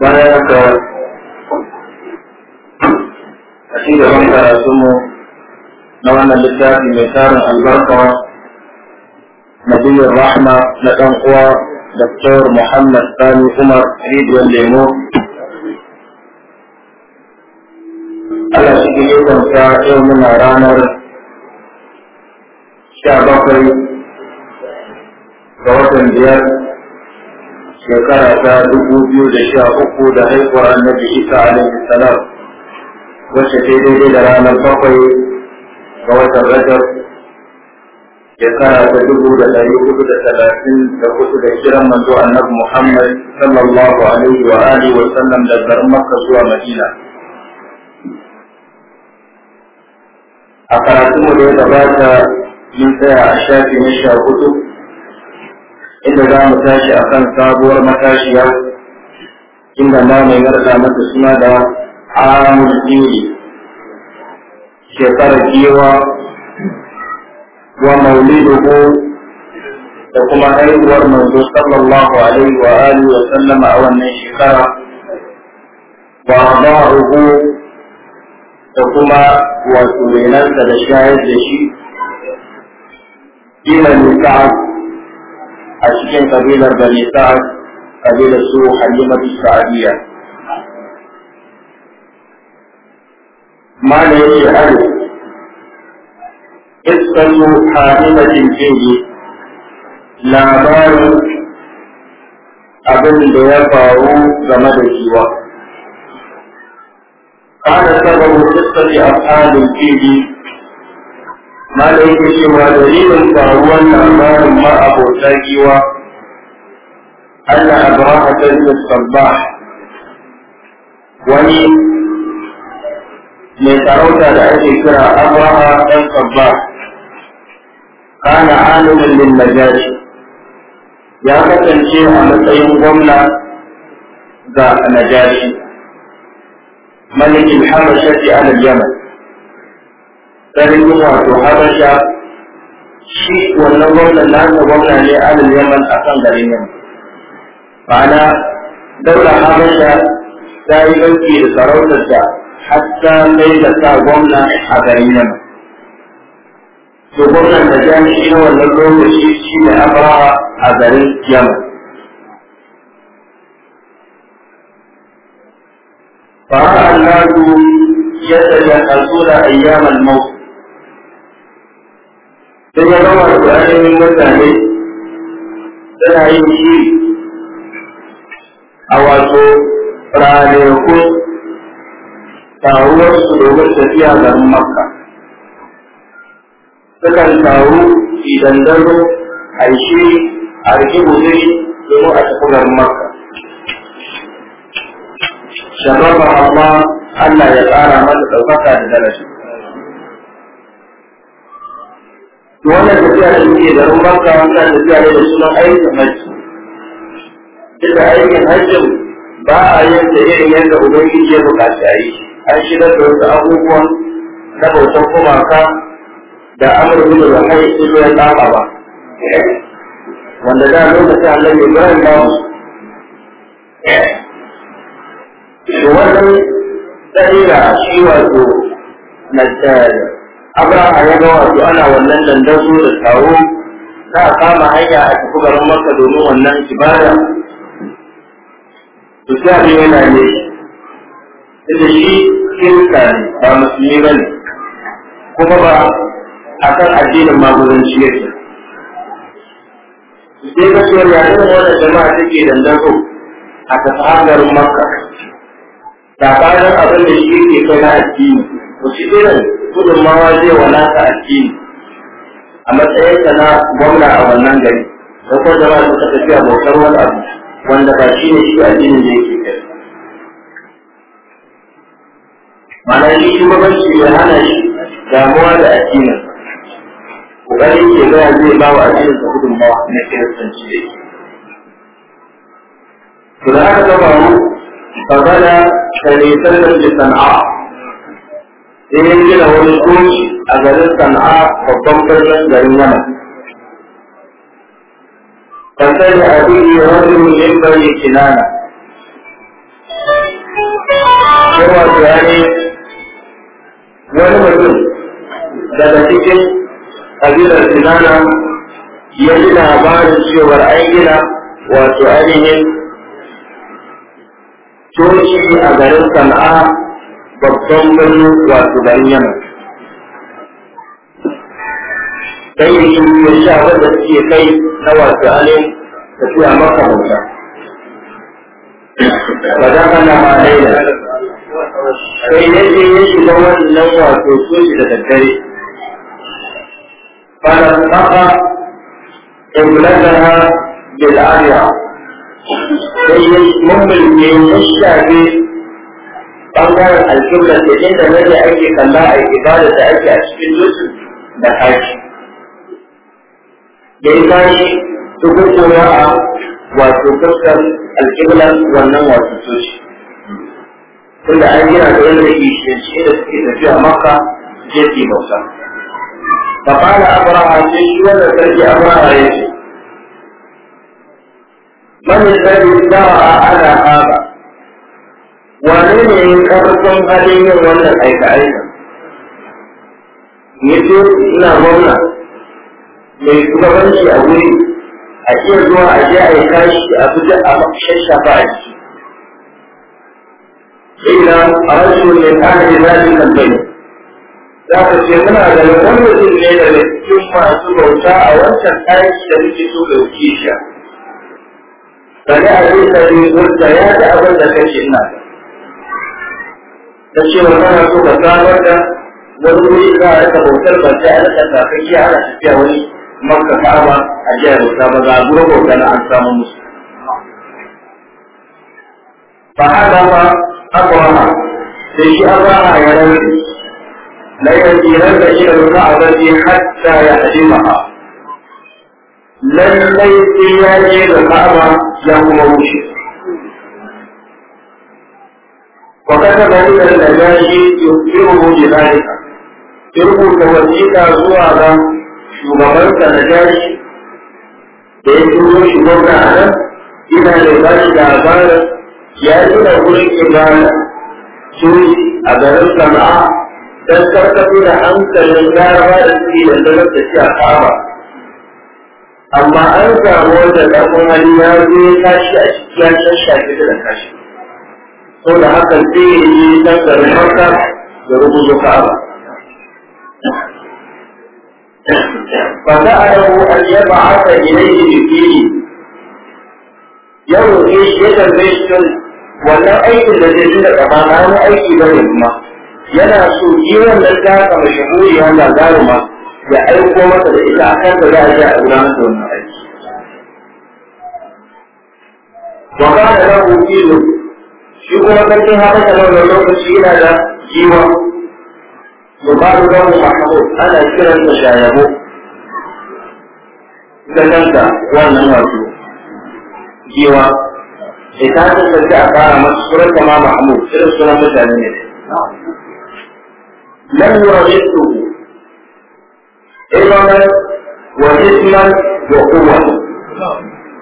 bayan haka a ci gaban karatunmu na wannan littafi mai tarin albarka nabiyar rahma na ɗan uwa Dr. Muhammad Sani Umar Ridwan Lemo Allah cikin yankansa yau muna ranar sha bakwai ga watan biyar shekara ta dubu biyu da sha uku da haihuwar annabi isa alaihi salam wacce ta ranar bakwai ga watan rajab shekara ta dubu da ɗari hudu da talatin da hudu da kiran manzo muhammad sallallahu alaihi da zuwa madina a karatunmu da ya gabata mun tsaya a shafi na sha inda za mu tashi a kan sabuwar matashiya inda na mai yarda mata suna da amur jiri shekarar kewa wa mauliduhu da kuma haihuwar manzo sallallahu alaihi wa alihi wa sallama a wannan shekara wa ba'uhu da kuma wato renansa da shayar da shi ila nisa'u a cikin kabilar bani sa'ad kabilar su halimatu sa'adiyya mana yake ado iskatu halimatin jini labarin abin da ya faru game da jiwa قال سبب قصة أصحاب الفيل malam yake cewa dalilin faruwar labarin ma abota giwa Allah abraha ta yi sabba wani mai sarauta da ake kira abraha ɗan sabba kana alimin lil najashi ya kasance a matsayin gwamna ga najashi malikin habashati ala yaman garin wato habasha shi wannan gwamnan na nasa gwamna ne alal yaman a kan garin yaman ma'ana daular habasha ta yi banki da sarautar da hatta mai da sa gwamna a garin yaman to gwamnan da jami'i na wannan lokaci shi ne abrawa a garin yaman فرأى الناس يتجهزون أيام الموت sai ya gama da ainihin mutane tana yin shi a wato ranakun taruwarsu domin tafiya garin makka sukan taru idan daro a shi a riƙi guzuri domin a tafi garin makka shababa amma Allah ya tsara mata ɗaukaka da daraja wannan tafiya da muke da garin banka wannan tafiya ne da sunan aikin hajji duka aikin hajjin ba a yin da irin yadda ubangiji ya buƙaci a yi an shigar da wasu abubuwan na bautan kumaka da amurka da zahari ido ya tsaba ba wanda da lokacin Allah ne bayan ba Su to wannan tsarira shi wato na tsari aga a yaga wato ana wannan dandazo da taro za a kama hanya a tafi garin maka domin wannan ibada to sai abin yana ne da shi kirka ne ba musulmi ba ne kuma ba a kan addinin magudanci yake sai ka ce ya irin wannan jama'a take dandazo a tafi garin maka tsakanin abin da shi ke kai na addini ko shi irin gudunmawa zai wadata addini a ta na gwamna a wannan gari da kuma jama'a ta tafi abokan wani abu wanda ba shi ne shi addinin da yake kai ma'ana shi shugabanci ya hana shi damuwa da addinin ƙoƙarin ke gaya zai ba wa addinin da gudunmawa na kiristanci da yake to aka gaba mu fagana da nisan da sana'a sai ya gina wani coci a garin sana'a babban birnin garin yaman tantar da abin yi wani mulin bari kinana yawa turare wani mutum daga cikin kabilar kinana ya ji labarin cewar an gina wato ainihin coci a garin sana'a babban birnin wato garin yaman sai yi su ya sha wanda suke kai na wato alin tafiya maka bauta ba za ka na ma laila sai yadda ya shiga wannan wato soji da daddare fara maka iblatana bil'ariya sai ya mamman ya shafe ɓangaren alƙibla da inda nabi ake kalla a ibada da ake a cikin lutu da haji da ya tashi tukurkura a wato fuskar alƙibla wannan wato toshi tunda an gina da wanda ke shi da suke tafiya maka jefi bauta فقال أبرهة في شوال الذي أبرهة يجي من الذي a ana هذا wane ne ya karfin halin yin wannan aika-aika ya ce ina gwamna mai shugabanci a wuri a iya zuwa a je a yi kashi a fita a shashafa a ciki ina a rashin ne ta hanyar zaɓi kan za ka ce muna da mutum ne da cikin masu bauta a wancan kashi da muke so da wuce shi. Sani a zai sani wanda ya ji abin da kake ina da. ta ce wa kana so ka samar da wani wuri za a rika bautar ba sai a rika kafin shi ana tafiya wani makka ka'aba a jiya bauta ba za a gurin bauta na an samu musu fa hada ma akwama sai shi akwama ya rantsi la yasiran da ila al-ka'bati hatta yahdimaha lallai sai ya je da ka'aba ya kuma wuce وكتب إلى النجاشي يخبره بذلك يربط وثيقة زوى shugabansa na jashi da ya turo shi gwamna a nan ina da ba shi labarin ya nuna wurin ibada sun a garin sana'a don karkato da hankalin laraba da suke da a kama amma an samu wanda ɗan hali ya zo ya a ciki ya da ko da haka sai ya yi ɗan garin maka da rubutu ka'aba. فسأله أن يبعث إليه بفيه yaro ne ya tambaye shi kan wannan aikin da zai tuna gaba na wani aiki ba ne kuma yana so yi wannan gasa mashahuri wanda zaruma ya aiko masa da ita akan da za a ji a gudanar da wannan aiki. Wa kana lahu ilu shi kuma sarkin habasha na wannan lokaci yana da jiwa yubaru lahu mahmud ana kiransa shayabo gannanta wannan wato jiwa ita ta sarki a fara masa suran kama mahmud irin sunan mutane ne لم يرغبته إرما وجسما وقوة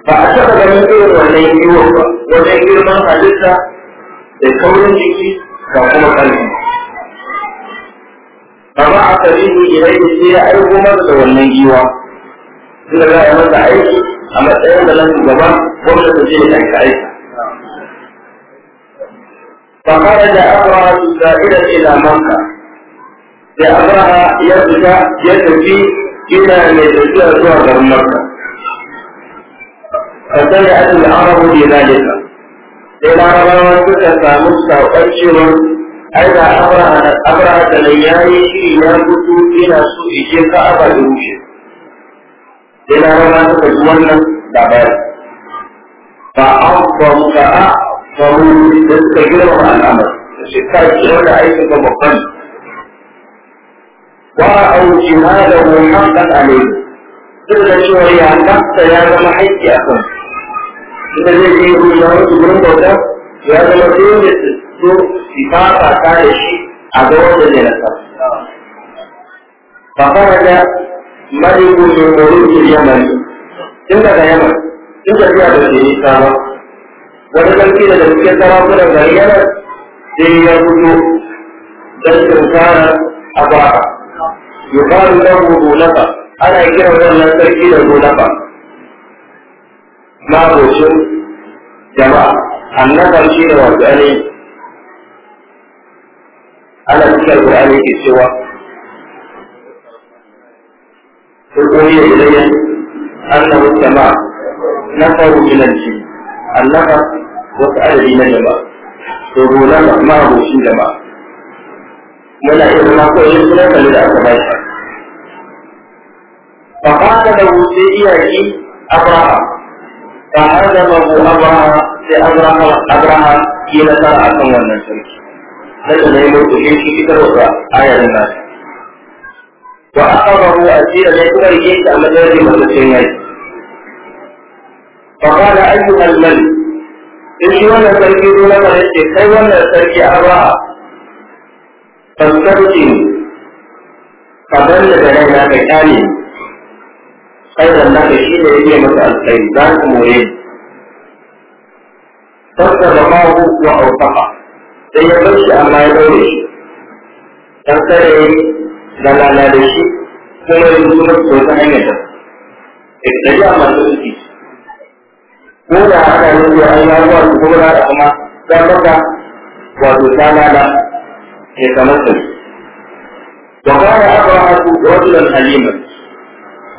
فأعتقد من إرما لن يوفى وجن إرما da kaurin jiki ga kuma kalbi amma a karihu ilaihi sai ya aiko masa da wannan giwa tunda za a masa aiki a matsayin da nan gaba gwamnati zai aika aiki ya tafi زائدا mai tafiya zuwa garin يتفي إلى أن يتجه زوى مكة فسمعت na sai larabawa suka samu saukar cewa ai da abraha da nan ya yi shiri ya gudu yana so ije ka aba da rushe sai larabawa suka ji wannan labari ba an kwamu ka a kwamu da suka girma al'amari da shi ka ji wanda aikin ka babban wa au jihadahu haqqan alayhi duk da cewa ya nafsa ya zama haƙƙi a kansu ita zai je ko ya mutu gurin bauta ya zama dole su so sifafa ta da shi a ga wanda zai nasa ba fara da malibu ne wurin kirya mali tun daga yamma tun da tafiya da ke nisa ba wani sarki da cikin sarakunan gari yana yi ya fito don tunkara a ba yuqalu lahu gulafa ana kiran wannan sarki da gulafa makocin jama'a annabar shi ne wasu ne, ana cikin alƙur'ani ke cewa turkuri da ilayya annabu jama'a na faru ji, annaba wasu adadi na jama'a turunan ma'abocin jama'a muna iya zama ko yin sunan kalli da aka bashi fa ba da wuce iyaki abraham فعزمه أبرهة لأبرهة أبرهة إلى ترى أكون من سلك لكن يقول تشيش كتر آية الناس وأخبره أسير ليكون رجيت أمدار مدسيني فقال أيها الملك إن وانا سلكي دون فريسي كي وانا سلكي أبرهة فاستبتني فبلد لنا مكاني khairan laka shi ne yake masa alkhairi za ka more tasa da mahu wa aufaha sai ya bar shi amma ya daure shi dan kada ya ga lana da shi kuma ya zuwa ko ta hanyar da da ya masu uki ko da haka ne ya an yawa su kuma da kuma ta maka wato ta lana ya kamar ta وقال أبرهة رجلا حليما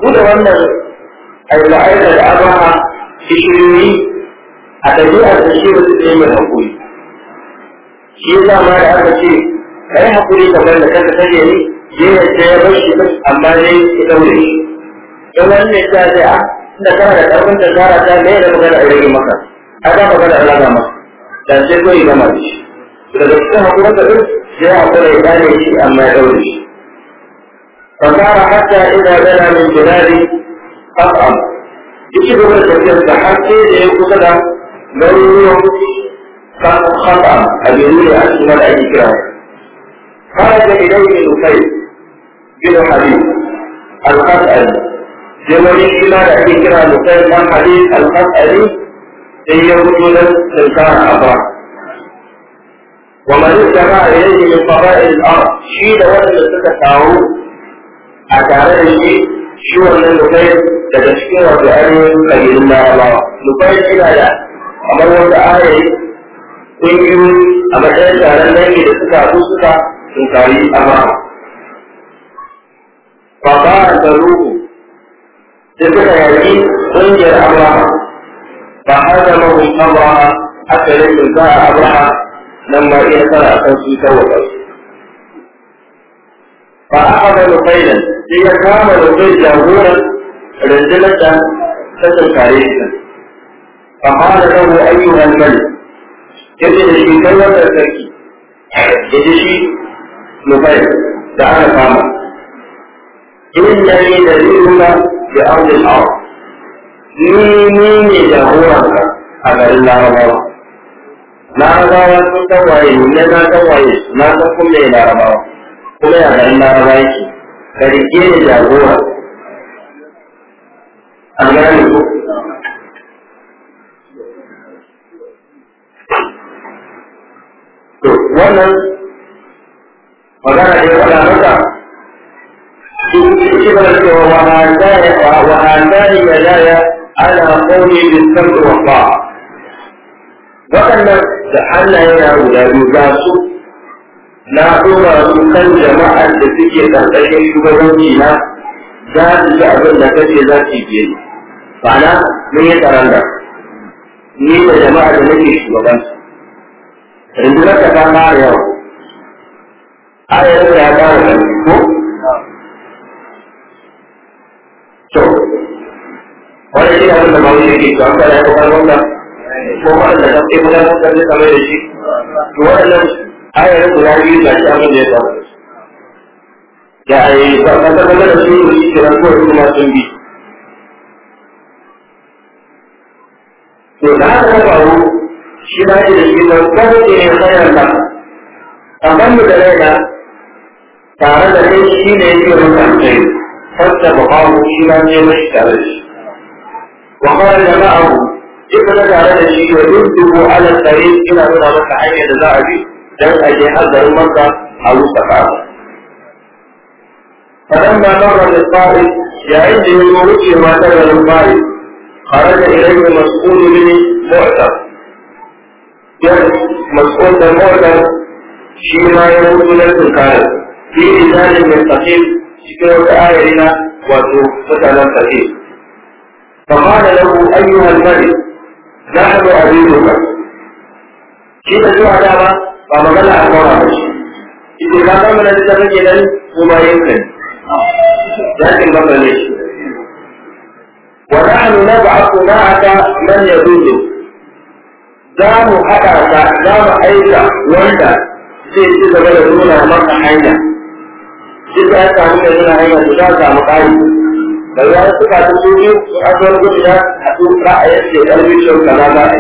da wannan aika-aika da abaha kishiyoyi a ɗabi'ar da shi wasu ɗaya mai haƙuri shi ya ma da aka ce kai yi haƙuri kamar da kanka ta ne ya yadda ya bar shi amma dai ya ɗaure shi don wannan ya ce a ah, da kana da ƙarfin da zara ta mai da magana a rage maka a ba magana a laga ma da sai kawai gama da shi daga cikin haƙurin da ɗin sai a ya gane shi amma ya ɗaure shi فصار حتى إذا بلى من بلادي أطعم يجب أن تكون حتى يكون كذا لو خطأ أبيني أسمى الأجكرة خرج إليه نفيد بن حبيب القتل جمالي كما الأجكرة نفيد بن حبيب القتل إن يوجد تلقاء أبا ومن اتبع إليه من قبائل الأرض شيد وزن ستة تعود a tare da shi shi wannan lukai daga cikin wasu ainihin kabilun larabawa lukai yana da kamar wata ayayi ƙungiyoyi a matsayin taron dangi da suka su suka tunkari amama ba ba da ruhu sai suka yaƙi ƙungiyar amama ba har da mahu amama aka yi tunka a amama nan ma iya tsara a kan su ta kawai ba a haɗa lukainan sai ya kama da zai jagoran rundunar da ta tsakare shi amma da kawo ayyukan mai ce da shi kai wannan sarki ji shi nufai da ana kama da ne da ziruna da arzin awa ni ni ne ka a garin larabawa larabawa sun san ne na tawaye na san kuma ya larabawa kuma ya garin larabawa yake ka rike da jagora an gane ko to wannan magana ne wala maka shi ba cewa wa hadari wa ya laya ala qawli bil sabr wa waɗannan da Allah yana guda da su na ɗora su kan jama'a da suke ƙarƙashin shugabanci na za su ci abin da kace za su yi na mun yi tsaron da ni da jama'a da nake shugaban rundunar ta ta ƙara yawa A da ya ƙara ƙarfi ko to wani shi abin da ba wuce ke to an fara ya ko wannan ko wanda da ke da shi da shi to waɗannan ayar guda biyu ga shi abin da ya faru da a yi tabbatar da su yi kiran kawai kuma sun bi to da haka faru shi na yi da shi da kawai ne sayar da kamar da raina tare da kai shi ne yake kai, fasta ba kawo shi na ne mashi tare da shi wa kawai da ma'ahu ita na tare da shi ya duk dubu ala tsare ina nuna maka hanyar da za a bi dan aje har garin Makka a rusa Ka'aba fadan na marra da tsari yayin da ya zo wuce ma ta garin Bari da masu mas'ul mini mu'tab ya masu da mu'tab shi ma ya wuce na tunkara fi rijalin mai taqib cikin wata ayarina wato mutanen taqib فقال a أيها الملك نحن أبيك كيف تدعو على ba magana a kawo ba shi ita ka ga mana da take nan kuma yanka yakin baka ne shi wa nahnu nab'athu ma'aka man yadudu za mu haɗa ka za mu aika wanda zai ci gaba da nuna maka hanya shi ya samu da nuna hanya su za samu ƙari da ya suka ta su biyu su asuwar gudunar a su ra'ayin da ya ɗarfi shi kaza za a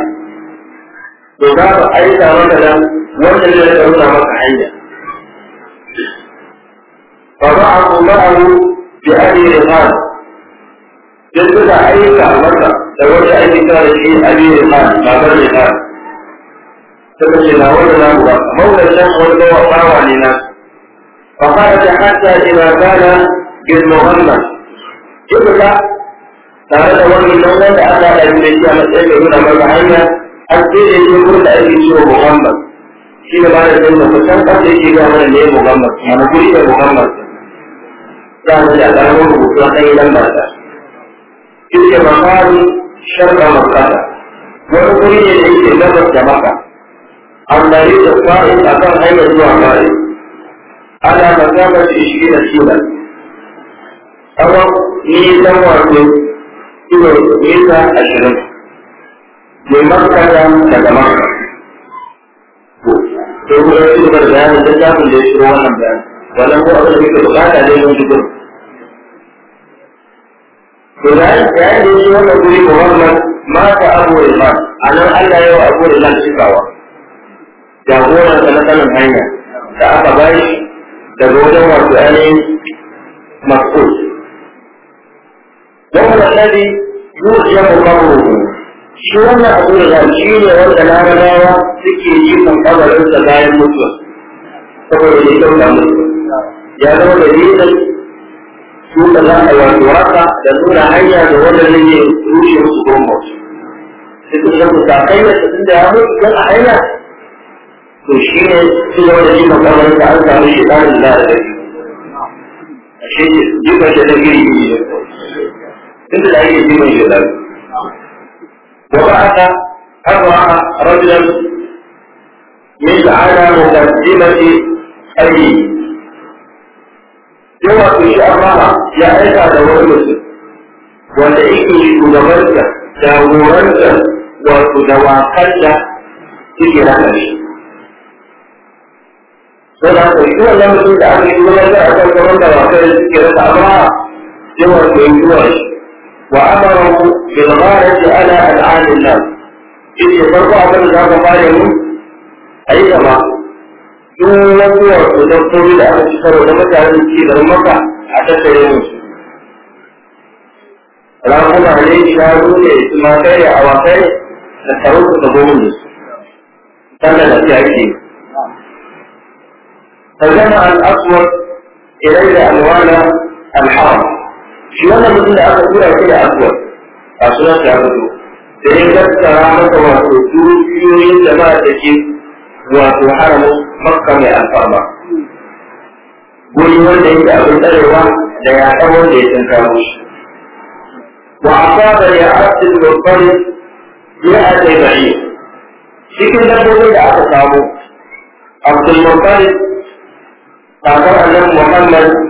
to za mu aika wanda nan wanda zai nuna maka hanya fa ba'athu ma'ahu bi abi rihan sai suka aika masa da wanda aiki kira da shi abi rihan babar rihan suka ce na wanda na ba maulan shan wanda wa bawa ne na fa kharaja hatta ila kana bil muhammad kika tare da wannan nan da aka da shi a matsayin da nuna maka hanya har sai da ya furta ake cewa muhammad shi da ba da zai masu san kasa yake ga mana ne muhammad mana guri da muhammad za su da ƙaramin rubutu a ɗan yi lamba ta yake makari sharka makara wani guri ne da yake gabas da maka an dari da fa'in a kan hanyar zuwa mare ana makamar shi shi da shi da tsawon nisan wato kilo nisa ashirin mai makara daga makara sai kuma ya ci gaba da bayanin littafin da ya shiro wannan bayanin wannan ko abin da yake bukata dai yin jikin to da ya yi shi wannan guri ko wannan mata abu ilman a nan Allah ya wa abu ilman cikawa gona sa na sanin hanya da aka bayi daga wajen wasu ainihin masu don wannan nadi yusuf ya kuma rubutu shi wannan abu da shi ne wanda na rawa suke yi kan kabarinsa bayan mutuwa saboda ya kyauta mutuwa ya zama da nisan su da za a wato raka da nuna hanya da wanda zai yi rushe musu gurin mutu duk da ku ta kai da tun da ya mutu kan a hanya to shi ne su zama da jikan kabarinsa an samu shi tsarin da da shi ne jikan shi da giri ne tun da ake jikan shi da وبعد أضع رجلا على مقدمة أبي يوم to shi amma ya aika da wani mutum wanda yake shugabanta jagoranta wato da wasan da suke na ƙarshe. Saboda haka shi da yawa وأمره بالغاية على ألعان الناس إذ يفرق أبن ذاك قائم أي كما إن وقوع تدخل إلى أن تشتر ولم تعلم كيد المكة حتى تريمون رحمة عليه شاهدون إسماكي عواكي نتروك تقومون بس كان الأشياء كيد فجمع الأصوات إليه ألوان الحرم shi wannan mutum da aka tura shi da abuwa a sunan ta fito da ya gaskara masa wato dukiyoyin jama'a da ke wato haramun makka mai alfarma guri wanda yake abin tsarewa da ya ɗan wanda ya san kawo shi wa asaba ya abdul muttalib ya atai ba'i cikin dabbobin da aka samu abdul muttalib kakar annabi muhammad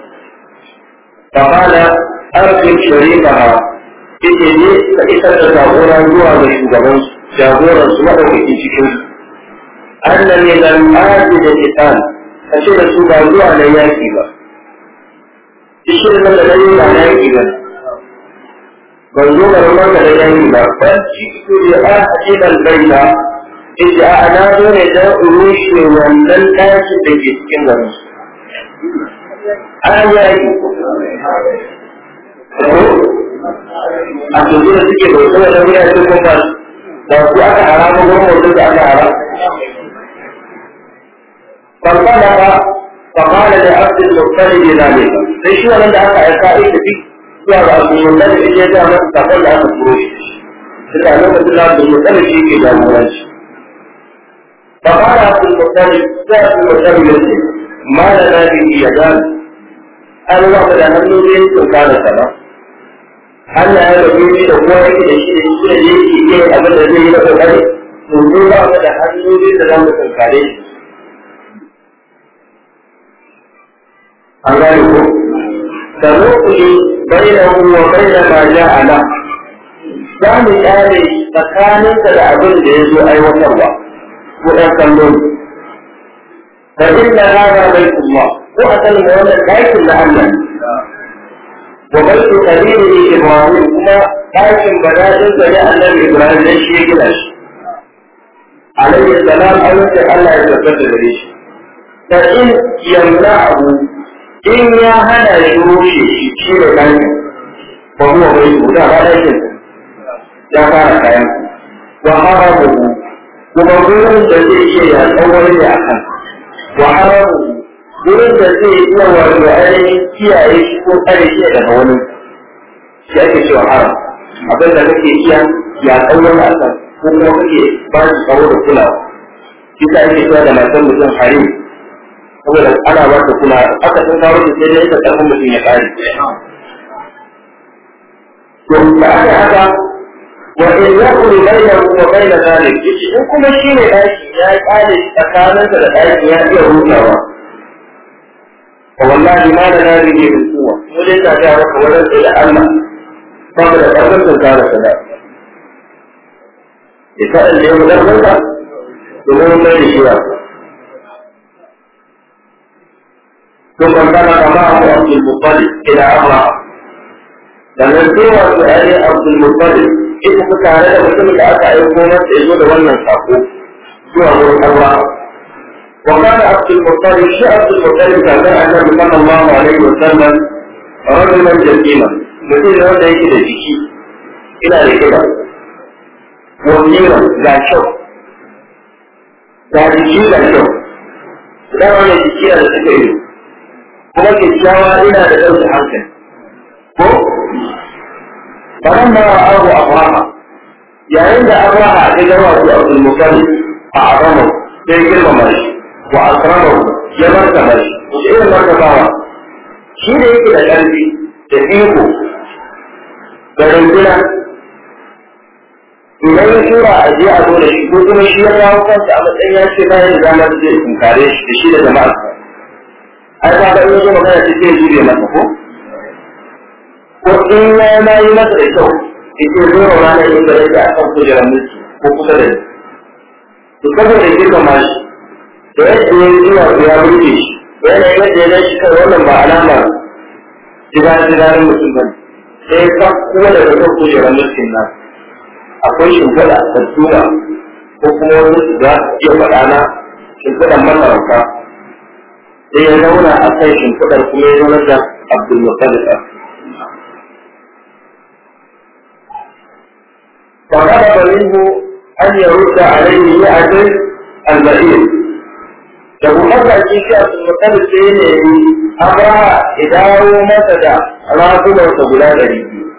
فقال أرسل شريكها yake ne ka isar da jagora zuwa ga shugaban jagoran su maɗaukaki cikin su annan ne nan aji da isan a da su ba zuwa na yaƙi ba ishirin da na ba ban zo da ba ci su da a cikin nan in ji a na zo ne don in rushe wannan ɗakin da ke cikin garin ayayi a tuzu da suke da wasu wajen biya su kuma ba su aka haramun gwamnan su da aka ba, fahala da abdin lokacin da na ne ba, sai shi wannan da aka aika aiki fi zuwa ga abu lokacin da ke gama tafon da aka furo shi. Suka lokacin da abu lokacin da ke gama wani. Fahala abdin lokacin da ya fi lokacin da ya ma da zafi ya gano an wata da hannu zai sun kare ta ba Allah ya rabu ne da kowa yake da shi shi da yake yi abin da zai yi na kokari to mu ba mu da hannu zai da zamu kankare shi an gane ko tanuqli bainahu wa bain ma ja'a la za mu tsare tsakaninsa da abin da ya zo aiwatarwa ku ɗan kallon فإن هذا بيت الله وأتى المولى بيت لأمن وبيت قليله إبراهيم هما لكن بلاد بناء النبي إبراهيم ليش يجلس عليه السلام أنت ألا يتفتت ليش فإن يمنعه إن يا هنا يروشي شيء كان وهو بيت لا لا ليس لا كان كان وحرمه ومظلوم الذي يا أول يا أخاك wa haramu wurin da zai iya wato ainihin kiyaye shi ko tsare shi daga wani shi ake cewa haram abin da kake iya ya tsawon Allah ko kuma kake ba shi tsaro da kulawa shi ta ake cewa da matan mutum harim saboda ana ba ta kulawa aka san kawo ta sai dai ta ƙarfin mutum ya ƙare. To, da aka haka وإن يكن بينه وبين ذلك جسد إن شيء لأيكي يا قالي يهود فلأيكي يا يهودنا والله ما لنا به من قوة ولن تعرف ولن إلى أما قبل أن كان يسأل اليوم الأول يقول ما يشيء ثم انطلق معه عبد المطلب إلى أمره فنزل عليه عبد المطلب ita su tare da mutumin da aka aiko masa ya zo da wannan sako zuwa wurin Allah وقال عبد المطلب شيء عبد المطلب كان أنه صلى الله عليه وسلم رجلا جسيما مثل هذا يكيد جيكي إلى الكبر وزيرا لا شوك لا جيكي لا شوك لا ولا جيكي لا تكيد kuma kyakkyawa ina da ɗauke hankali ko فلما رأوه أبرهة يعند أبرهة yayin عبد المطلب أعظمه تجربة مريش وأكرمه يمرت مريش مش إيه المرتبة shi da yake da ƙarfi da iko da runguna idan ya tura a je a zo da shi ko kuma shi ya a matsayin ya ce bayan zama zai shi da shi da magana ta ce masa ko ko in ya na yi masa da kyau ita zo wa da yin da rage a kan kujerar mulki ko kusa da ni. da saboda girmama shi da yadda ya yi zuwa ya burge shi ya yanayin yadda ya zai shi kan wannan ba alama jiragen mutum ba sai ka kuma da daga kujerar mulkin nan akwai shimfiɗa da tura ko kuma wani su za iya faɗa na shimfiɗan masarauta sai ya zauna a kan shimfiɗar kuma ya zauna da abdulmutalib فطلب منه أن يرد عليه مئة البعير Jabu masa shi shi a sun sai ne yi amma idaro masa da ragunarsa guda ɗari biyu.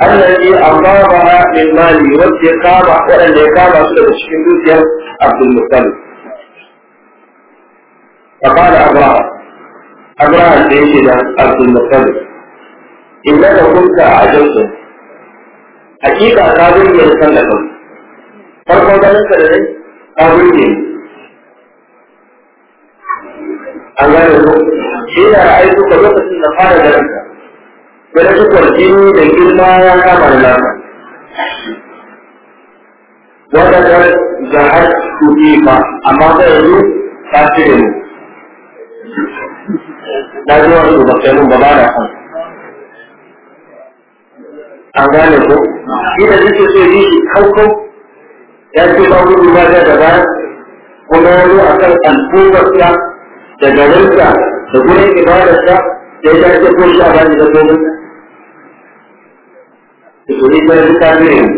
Allah ne amma ba min mali ya kama waɗanda ya kama su daga cikin dukiyar Abdul Muttalib. Fakala Abraham, Abraham da yake da Abdul Muttalib, inna da kunta a jinsu hakika ka burge da sallar kawai farkon ganin ka da dai ka burge ni an gane ko shi da ra'ayi ka lokacin da fara ganin ka wani tukwar jini da girma ya kama da lafa wanda ta zahar tuki ba amma ta yanzu ta ce mu na ji wani ba sai mun ba ba da kansu an gane ko shi da nake so yi shi kanko ya ce ba gudu ba da gaba kuma ya zo a kan al'ummarsa da garinsa da gurin ibadarsa da ya ce ko shi a bani da domin ta ne ta yi kamirin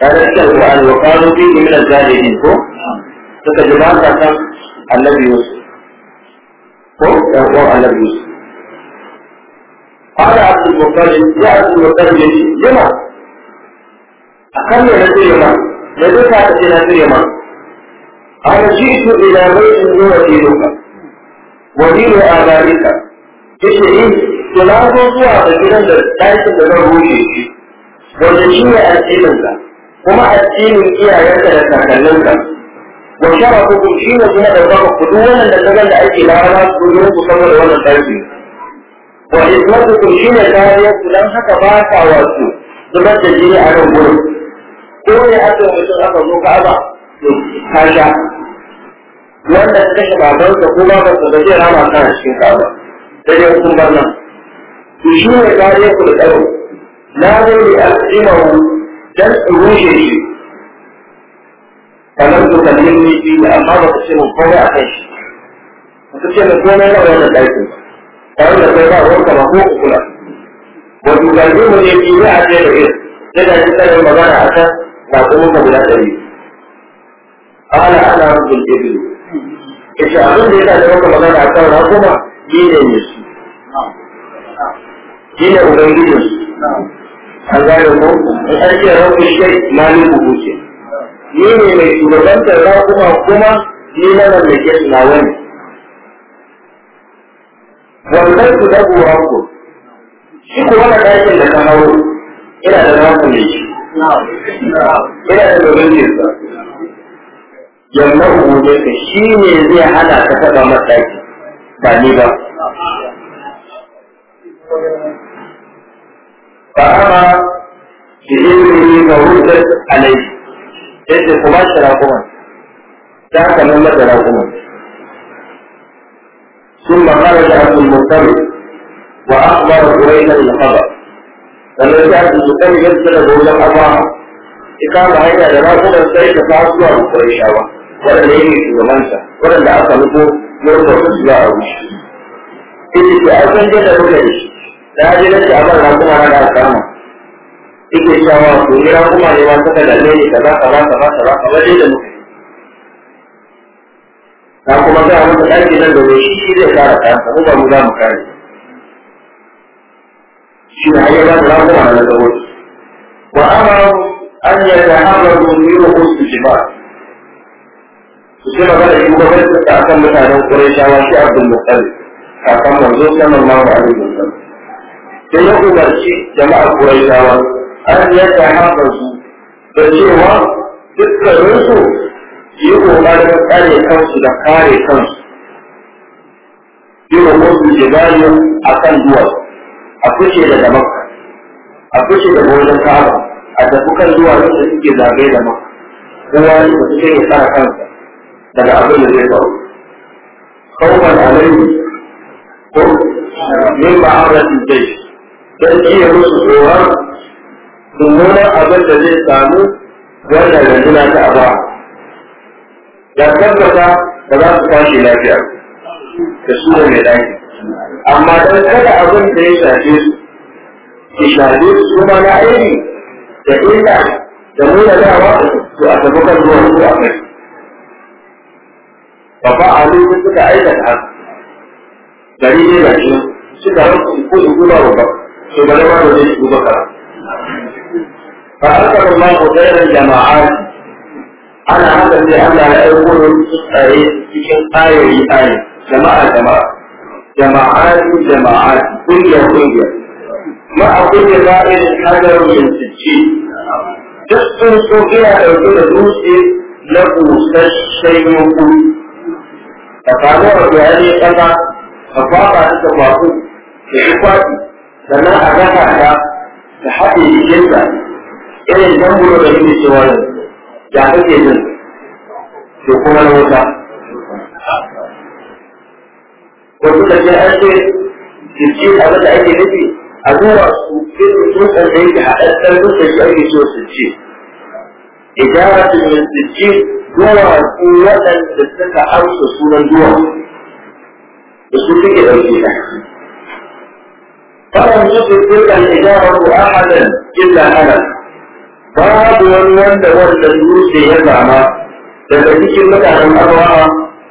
ta rikta da alwakaru bi min al ne ko suka ji ba sa san annabi Yusuf ko ɗan uwan annabi Yusuf قال عبد المطلب يا عبد المطلب يما أقل نزل يما نزل كاتب نزل يما أنا جئت إلى بيت هو دينك ودين آبائك إيش kula ko zuwa ga gidan da ɗakin da zan rushe shi wanda shi ne addininka kuma addinin iyayenka da kakanninka wa shara ku shi ne kuma da zama ku wannan da da ake larawa su gurin ku wannan ɗakin wa ismatukum shine kariyar ku dan haka ba ta wato zubar da jini a nan gurin ko ne aka mutum aka zo ka ba to ka sha wanda kashe babansa ko babansa ba zai rama kan cikin ka ba sai dai kun ku shine kariyar ku da na zo ne a tsimahu dan shi kamar ku kallon ne amma ba ku ce mun komai a kai shi ku ce mun komai na wannan ɗakin tare da kai ba ruwan ba, ko kula wani zargi mu ne biyu za a ce da irin sai da shi tsarin magana a can ba kuma ka guda ɗari ala ana rubin ibilu ita abin da ya da maka magana a kan rakuma ni ne ne shi. ni ne ubangijin su an gane ko in an ce rakun shai malin buhu ce ni ne mai shugabantar rakuma kuma ni na mallake su na wani wannan su da ku shi ko wannan ɗakin da ka hau ina da naku ne shi ina da domin ne sa yamma gobe ka shi ne zai hana ka taɓa mataki ba ni ba فأما بإذنه فردت عليه. إذن كما شرع كمان. كان كمان ما شرع كمان. ثم خرج عبد المطلب وأخبر قريشا الخبر sannan sai abu su kan yadda da gogon amma ita ma hanya da rakunan sai ta fa zuwa rukurai shawa waɗanda yake shugabanta waɗanda aka nufo yau da zuwa ita ce an san jada muka yi da haji na ce a ban rakuma na da kama ike shawa to ni rakuma ne ma suka ne kaza kaza kaza kaza kaza dai da muka na kuma za a masa ɗaki nan domin shi shi zai kare kayan sa ba mu za mu kare shi ne hanyar da za mu kare na tsawon wa ana an yi da hamar domin su jima su ce magana shi ba zai tsaka akan mutanen ƙurashawa shi abdul mutsali kakan manzo sallallahu alaihi wasallam sai ya umarci jama'ar ƙurashawa an yi da hamar da cewa dukkaninsu yi ƙoƙarin tsare kansu da kare kansu yi wasu musu a kan duwar a fice daga makka a fice da wajen kaba a tafi kan duwar da suke zagaye da makka kowa ya tafi ya tsara kansa daga abin da zai faru kawman alaihi ko min ba'aratin zai? don jiya, musu tsoron mummunan abin da zai samu wannan runduna ta abawa da tabbata ba za su tashi lafiya da su da mai ɗaki amma don kada abin da ya shafe su ki shafe su kuma na aini da illa da nuna dawa su a tafi kan zuwa su a kai babba a lokacin suka aikata haka gari ne da shi suka rufe ko su guba babba to ba da ba da zai guba kara ba aka ba ma ko da jama'a ana haka sai Allah ya aiko da wasu tsare cikin ayoyi ayoyi jama'a jama'a jama'atu jama'atu kungiya kungiya ma akwai da zaɓin hadarin yantici duk sun so ina ɗauke da dutse na busasshen yankuri ka samu a bayani ƙasa ka kwafa ta ta kwafu da shi kwafi sannan a gasa ta ta haɗe jikinta irin tamburo da yake cewa yanzu ya kake jin ke kuma na wuta wasu da ke an ce jirgi abin da ake nufi a zuwa su ke tutsan da yake haɗaɗɗar duk shi ake so su ce ijaratun min sijji duwatsu waɗanda suka amsa sunan duwatsu da su suke ɗauke da فلم يجد تلك الإجابة أحدا إلا أنا babu wani wanda wanda dutse ya zama daga cikin mutanen arwa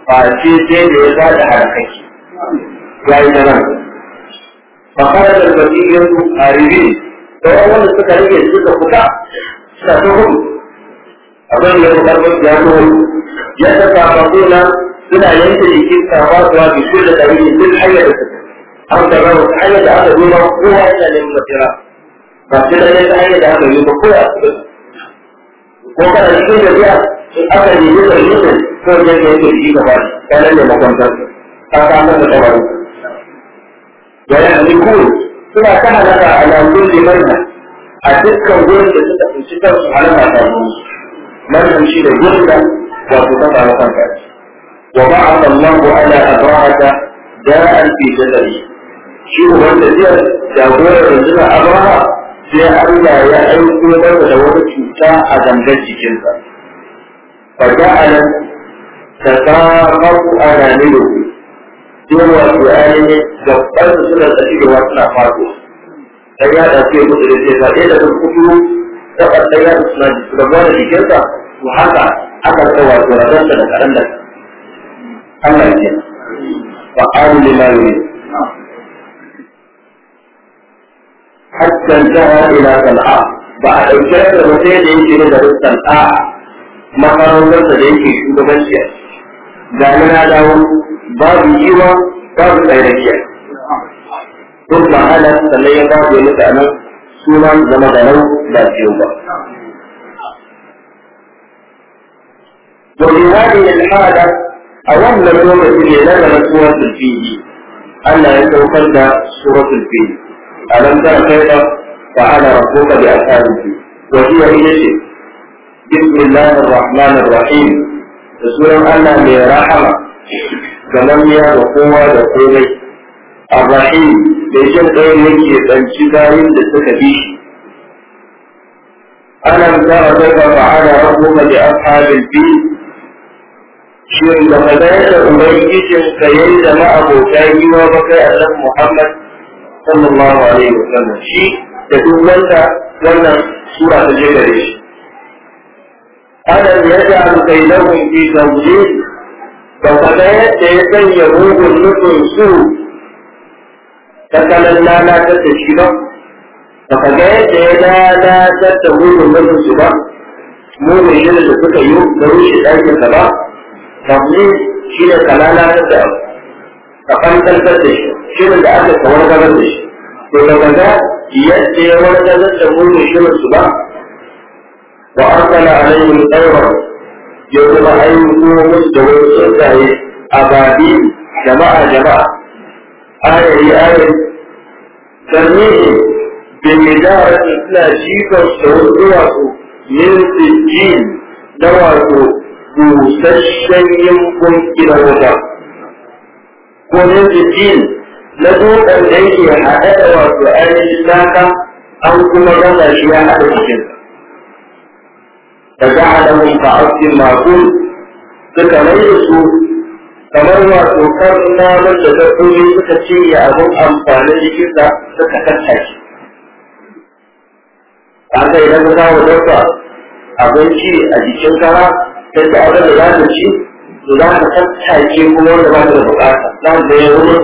ba ce sai da ya sa da harkaki ya yi nan fakara da basiriyar su a da wanda suka rage suka fita suka tuhu abin da ya karɓar ya tuhu ya ta kama suna suna yanke jikin kama suwa bi kulle da rigi duk hanyar da suka an karɓar wata hanyar da aka duba kowa yana neman masira ba sai da ta hanyar da aka yi ba ko ya ko kana cikin tafiya biya, aka yi ne da yi ko da ya ke ji gaba ya nan da makwantar ta ta masa tabaru ya yi ko suna ta halaka a lambun a dukkan gurin da suka tsinci kansu halaka ta yi shi da gurin da ba su ta samu kanka wa ba'atha Allahu ala da da'an fi jadali shi wanda zai jagorar rundunar abraha sai Allah ya aiko masa da wani cuta a gangar jikinsa fa ja'ala tasaqatu ananihi sai wato ainihin gabbar da suna tafi eh, da wasu na fago yi ya dauke mutu da sai sai da kuma kuma ta ɓarɗa ya da suna da wani jikinsa to haka aka ta wato radarsa da kaɗan da Allah ya ce fa'alu limayu حتى انتهى إلى صنعاء بعد كان المسيح يمشي إلى صنعاء makarantarsa da da yake shugabanci ga na dawo babu yiwa babu tsairakiya duk ba hana sannan ya babu wani tsanan sunan zama da nau da ciwo ba. Wani wani ya hada a wannan lokacin ne na zama sunan sulfihi Allah ya ɗaukar da suratul fili alam tara kaifa fa'ala rabbuka bi ashabihi wa hiya yace bismillahir rahmanir rahim da sunan Allah mai rahama galamniya da kowa da komai arrahim da jin ɗaya yake tsanci bayin da suka bi shi alam tara kaifa fa'ala rabbuka bi ashabil fil shin da ka da ubangijin ka yayi da ma'abota yiwa ba kai annabi Muhammad sallallahu alaihi wa sallam shi da duk wanda wannan sura ta je gare shi alam yaj'al kaydahum fi tawjih ba kaga yadda ya sanya mugun nufin su ta kalan lalatar da shi ba ba kaga yadda ya lalatar da mugun nufin su ba mugun shi da suka yi da rushe ɗakinsa ba mu shi da ka lalatar da ka fantantar da shi shirin da aka kawar gabar da shi to daga ga yadda ya warkazar da mugun shirin su ba wa arsala alaihim tsayran ya kuma aiko musu da wani tsuntsaye a babi jama'a jama'a ayari ayari tarmihi bin midara suna jifar sauran duwatsu min sijjin na wato busasshen yankun gidan wuta ko min sijjin na tsokan da yake haɗe da wato ainihin naka an kuma gama shi ya haɗa cikin da ga alamun fa'afin makon suka mai da su kamar wato kan namun da dabbobi suka ce ya abin amfanin jikinsa suka tattace haka idan ka kawo dafa abinci a jikin kara sai da abin da za ta ci to za ka tattake kuma wanda ba ta da bukata za ta yi wurin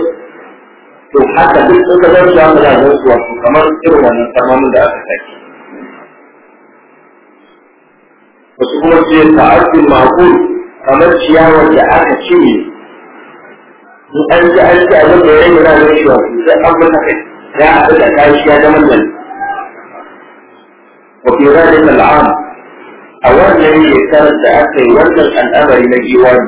to haka duk sun gaban su an da zan suwa su kamar irin wannan kalmomin da aka saki wasu kuma su yi ta'arfin makul kamar ciyawar da aka cire in an ji an ci abin da ya yi na zan suwa su sai an mata kai ya haɗu da kashi ya zama nan wa fi zalika al'am a wannan shekarar da aka yi wannan al'amari na giwani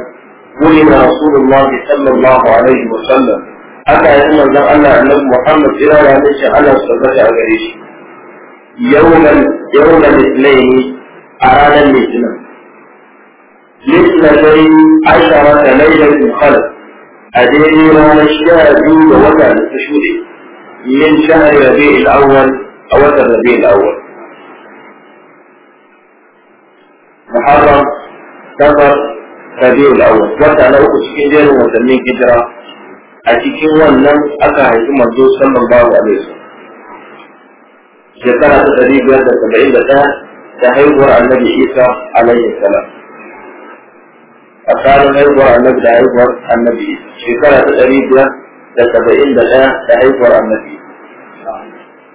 ولم رسول الله صلى الله عليه وسلم Allah ya yi manzon Allah annabi Muhammad kira da shi Allah su tabbata a gare shi yawman yawman litnaini a ranar litinin litnaini ashara da lailatul qadr a daidai ranar sha biyu da wata da ta shuɗe min shahri rabi'il awwal a watan rabi'il awwal محرم سفر ربيع الأول وقت على أخو سكين دير ومسلمين كدرة a cikin wannan aka haifi manzo sallallahu alaihi wasallam shekara ta ɗari biyar da saba'in da ɗaya ta haihuwar annabi isa alaihi salam a tsarin haihuwar annabi da haihuwar annabi isa shekara ta ɗari biyar da saba'in da ɗaya ta haihuwar annabi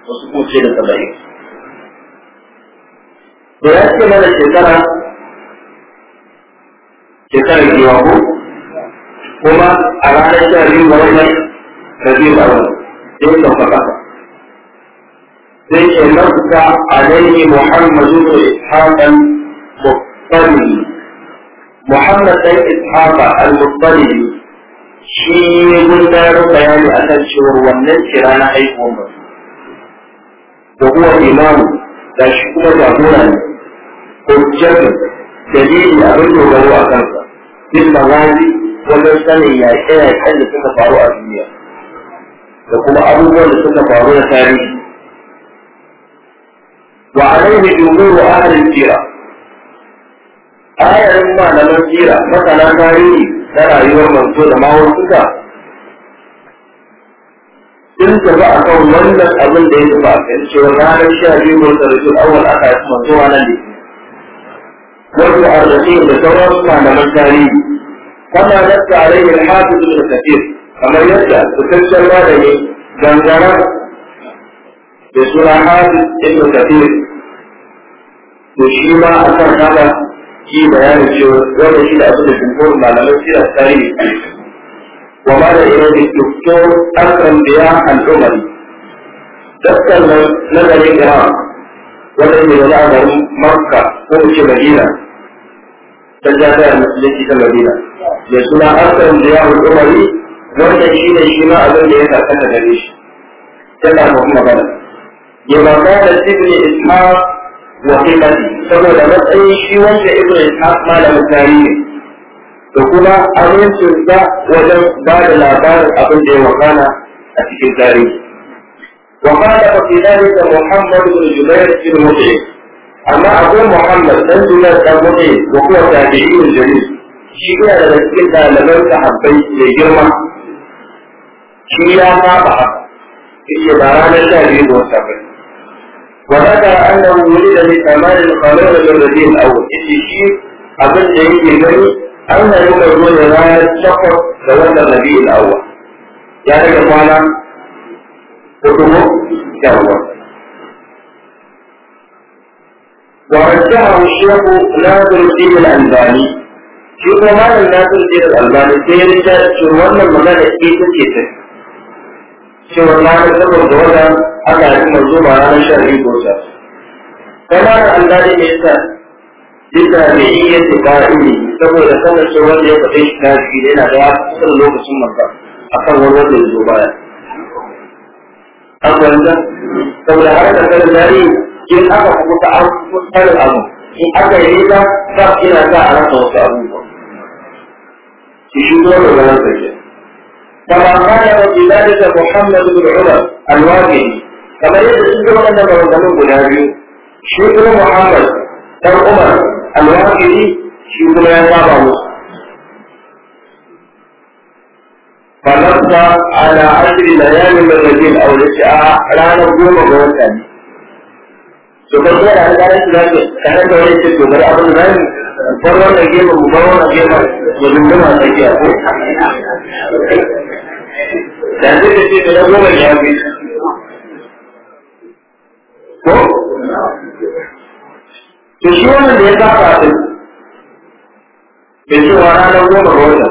wasu kuce da saba'in da ya ce mana shekara shekarar giwa ko kuma a ranar sha biyu ga wannan ka zai ba wani sai kan faɗa sai ke nafsa alaihi muhammadu da ishaqan muttali muhammad ɗan ishaqa al-muttali shi ne gudanar bayani a kan cewa wannan kira na haihuwar mutum da kuma imamu da shi kuma jagora ne hujjar dalili abin dogaro a kansa bin mawazi wajen sanin yaƙe kan da suka faru a duniya da kuma abubuwan da suka faru da tarihi wa alaihi umuru ahlul jira ayarin malaman jira masana tarihi na rayuwar manzo da mawarsuka sun tafi a kan wannan abin da ya tafi a kan cewa ranar sha biyu ga wata rajul awal aka yi manzo a nan da wasu arziki da sauran malaman tarihi كما نص عليه الحافظ ابن كثير كما يبدا تفسر هذه جنجرة بسورة حافظ ابن كثير وشيما أثر هذا في بيان الشيء ولا شيء أبدا جمهور معلومات سيرة التاريخ وماذا إليه الدكتور أكرم بياع العمري دكتور نزل الإمام ولم يلعب مكة ومشي مدينة فجاء المسجد المدينة da suna hassan da ya hukumari wanda shi ne shi ma abin da ya karkata gare shi ta da mu magana ya ba da ibn ishaq wa qilati saboda matsayin shi wanda ibn ishaq malamin tarihi da kuma amincin sa wajen ba da labarin abin da ya wakana a cikin tarihi وقال في ذلك محمد بن جبير بن مطعم أما أبو محمد بن جبير بن مطعم وهو تابعي جليل shi yana da cikin ɗaliban sahabbai da girma shi ya saba haka yake ba ranar sha biyu ga wata bai وذكر أنه ولد لكمال القانون الذي الأول إذ شيء أبن جيد بني أن يوم يقول لا شكر لولا النبي الأول يعني كمالا كتبه كأول ورجحه الشيخ ناصر الدين الألباني shi ko malam na san je da albani sai ya rinja shi wannan magana ita ce ta shi wannan da saboda wannan aka yi manzo zuwa ranar shari'i rigo ta kama da albani ne ta yi mai iya ta ka'ini saboda sanar shi wanda ya faɗe shi ta shi yana da ya kusan lokacin maka akan wannan da ya zo baya A fahimta saboda har da kan jari in aka kuka an kusa abu in aka yi ta ta ina za a rasa wasu abubuwa يشوفون ولا نسجد كما قال في ذلك محمد بن عمر الواقعي كما يتسجل أن مرضمون بنابي شكر محمد بن عمر الواقعي شكر يا موسى فنص على عشر ليال من رجل أو الإشعاع لا نظلم بوسعه to ko da an gane shi zai kana da wani ce to bari abin da zai farwon da gema mu farwon da gema mu dindima da ko da zai ce da goma ya bi ko to shi wannan da ya saba din bai ce wa ranar goma ga wata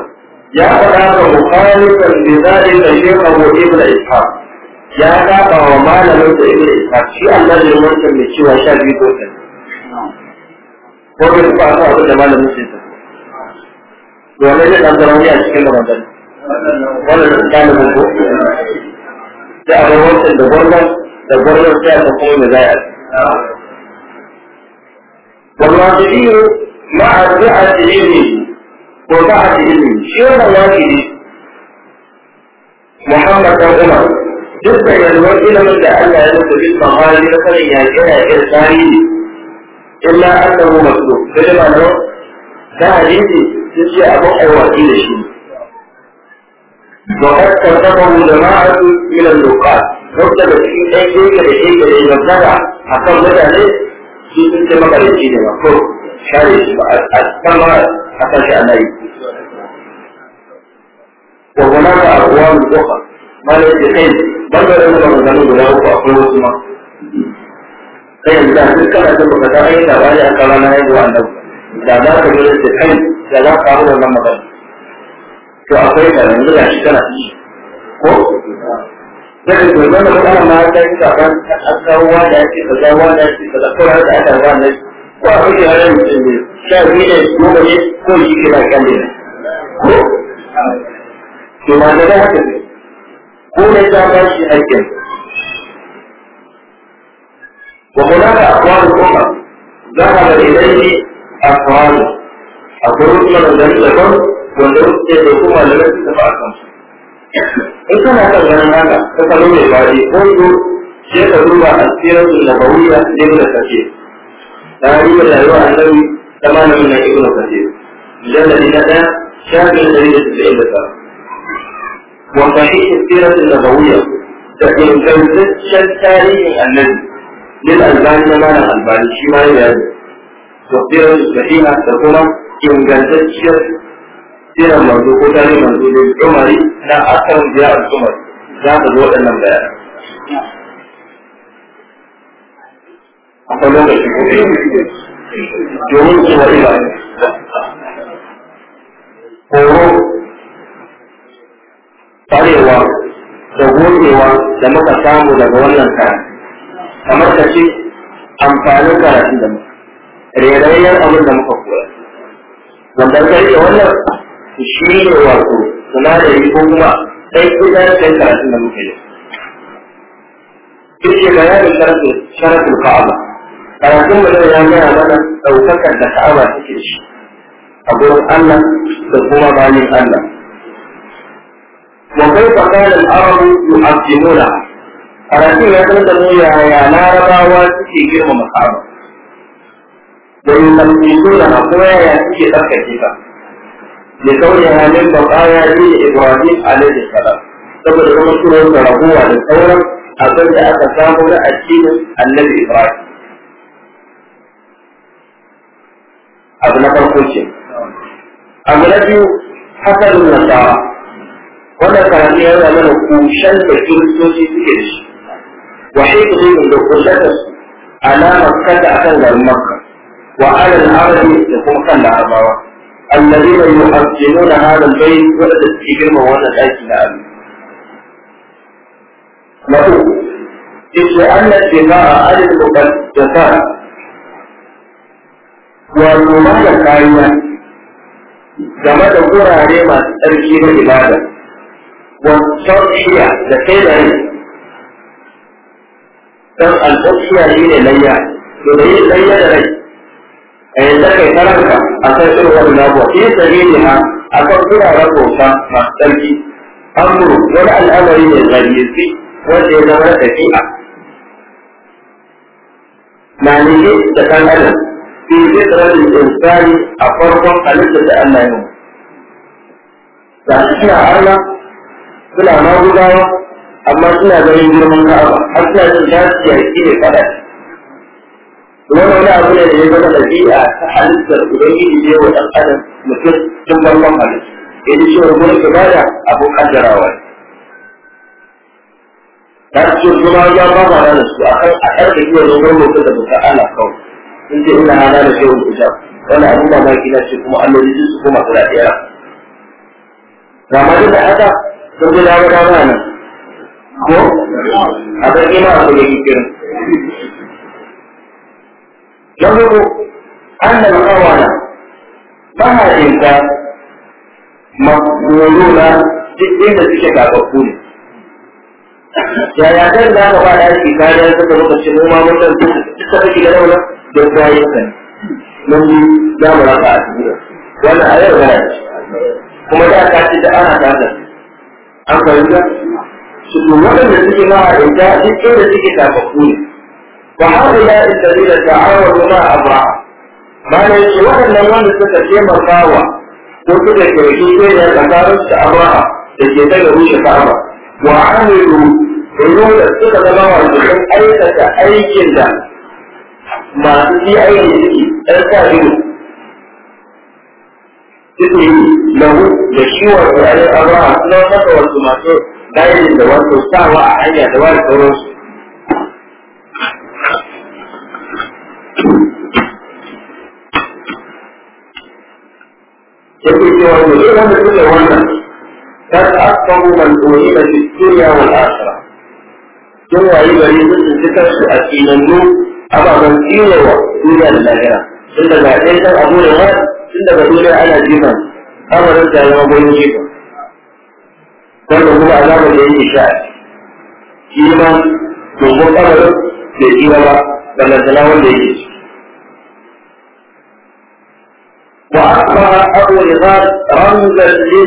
ya faɗa ga mukhalifan da zai da shi abu ibn ishaq ya saba wa malamin sa ibnu ishaq shi Allah ne wancan mai cewa sha biyu ko kai ko bai ku fara abin da malamin sa ya domin da ɗanɗanon ya cikin ramadan wannan da ta nufin ko sai a bar wancan da gwamnan da gwamnan sai a tafi mai zaya والواجبين مع سعة علمه وسعة علمه شيء الواجب محمد بن عمر dukkan yalwar ilimin da Allah ya nufi bin mamari na sanin yaƙe yaƙen tarihi illa an samu masu kaji ba nan ta hadisi sun ce abin aiwaki da shi wa kad tantahu jama'atu ila al-luqat wanda da cikin ɗan keke da keke da yanzara akan mutane su sun ce makarici ne ba ko share shi ba a kama a kan shi ana yi wa kuma ga abuwa mu ma da yake kai ba da yin maganganu guda uku akwai wasu ma kai yanzu da duk kana da baka ta ayyuka ba ya kala na haihuwa annabi da za ka zo da kai da za ka haɗu wannan magana to akwai da yanzu da shi kana ko sai da wannan magana ma ta yi ka ban an kawo da ake kaza wani da kaza ko da aka ko a kai yaran shi ne sha biyu ne goma ne ko shi ke da kan ne ko ke ma da haka ko da ya ba shi haƙƙin wa hunaka aqwalu umma zahaba ilayhi aqwalu akwai rukunan da daban wanda rukunan da kuma da nan suka ba in kana kan ganin haka ka salo mai baɗi ko su sai ka duba asirin da bawiya da ibn kafir da rayuwar rayuwar annabi da na ibn kafir mujalladi na ɗaya shafin ɗari da da tara وصحيح السيرة النبوية لكن كان شتى تاريخ النبي للألباني ما لا ألباني شيء ما يلعب والسيرة الصحيحة تكون إن كانت سيرة منذ قتالي منذ العمري لا أكثر من ديار جاء العمر ذات الوقت النبي أقول لك يوم القيامة kwarewa da gogewa da muka samu daga wannan karatu kamar ka ce amfanin karatu da muka rairayen abin da muka koya wanda ta da wannan shi ne wato sinadari ko kuma sai kuma sai karatu da muka yi duk da bayanin sharafin sharafin ka'aba karatun da ya gaya mana ɗaukakar da ka'aba take shi a gurin Allah da kuma bayan Allah وكيف كان العرب يعظمونها أرسل يقول لهم يا ناربا لا ربا مخاب كيف مصعب ويسمونها قوية يأتي لك كيف لكونها من بقايا إبراهيم عليه السلام تقول kuma surar da raguwa أقول sauran abin da النبي إبراهيم أبنى addinin أبنى Ibrahim. Abu na wannan karatu ya yana mana kushen da kiristoci suke da shi wa hifzihim da kushen da su alamar kada akan garin makka wa alal arabi da kuma kan larabawa الذين يحسنون هذا البيت ولد الكبير وانا الايت الان نقول إذ أن الدماء أجل مقدسات والممالة كائنة كما تقول عليه ما تركيب الإبادة da لكيلا dan al'ufiya shi ne layya to da yin layya da rai a yadda kai karanta a kan wani labuwa shi ne sabili ha a kan wuraren bauta masu tsarki amru wani al'amari ne zariyarsi wanda ya zama tafiya na nike da kan adam fi da insani a farkon halittar da Allah ya yi. Da shi na Allah suna magudawa amma suna ganin girman ka'aba har suna jin za su yaƙi ne faɗa wani wani abu ne da ya zama da ɗabi'a ta halittar ubangiji da wa ɗan adam mutum tun farkon halitta ji cewa mun ibada abun kaddarawa ne ta ce kuma ya ba ma da su a kan a ɗan da iya zogon mutum da mutum ana kawai sun ce ina hana da shehu ita wani abu mamaki na ce kuma alloli su kuma kula da yara. Ramadu da haka sun ji dawo dawo nan ko a sarki ma abu yake kirin na hudu kawana mahajinta makuluna duk suke kakakku ne yaya kan da aka faɗa shi kariyar suka lokacin mu ma mun ɗauki suka fi gidan wani da kayan kan mun yi za mu raka a cikin wannan a yau kuma da ka ci da ana tare an fahimta su to waɗanda suke ma a ita duk inda suke tafafu ne ba har da ya isa ne da ta'awar ma a ba ba da ce waɗannan wanda suka taimaka wa ko suka kirki sai da tsakanin su a abraha da ke ta daga rushe ka'aba wa amilu da suka zama wasu sun aikata aikin da masu yi aiki suke ɗan sa ido suke lahu da shi wato a yin abuwa a suna masa wasu masu dajin da wato sawa a hanya da wani sauransu. Yake cewa da shi wanda suke wannan, kan akwamu man'o'i da shi duniya wal asira. Sun wayi gari sun tsinci kansu a tsinannu ababen tsinewa duniya da lahira. Tun daga ɗaya kan abu da wani tun daga ana jifa amarin ta kuma alamar da yake sha shi ma amarin bai ba wanda yake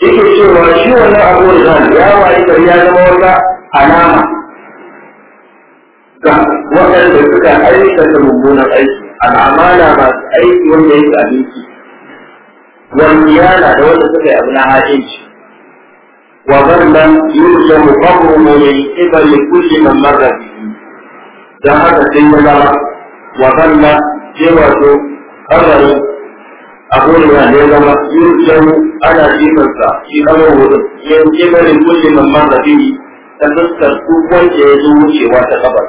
yake cewa shi wannan abu ya wayi gari ya zama wata alama ga waɗanda suka aikata mummunan aiki al'amala masu aiki wanda yake abinci wani na da wanda suka yi abu na ha'inci wa zannan mu ne min qibali kulli man marra bihi dan haka sai ya zama wa zannan sai wato kabari abu ne da ya zama yusuf ana jifarsa shi kama wurin yan qibali kulli man marra bihi ta fuskar duk wanda ya zo wucewa ta kabar.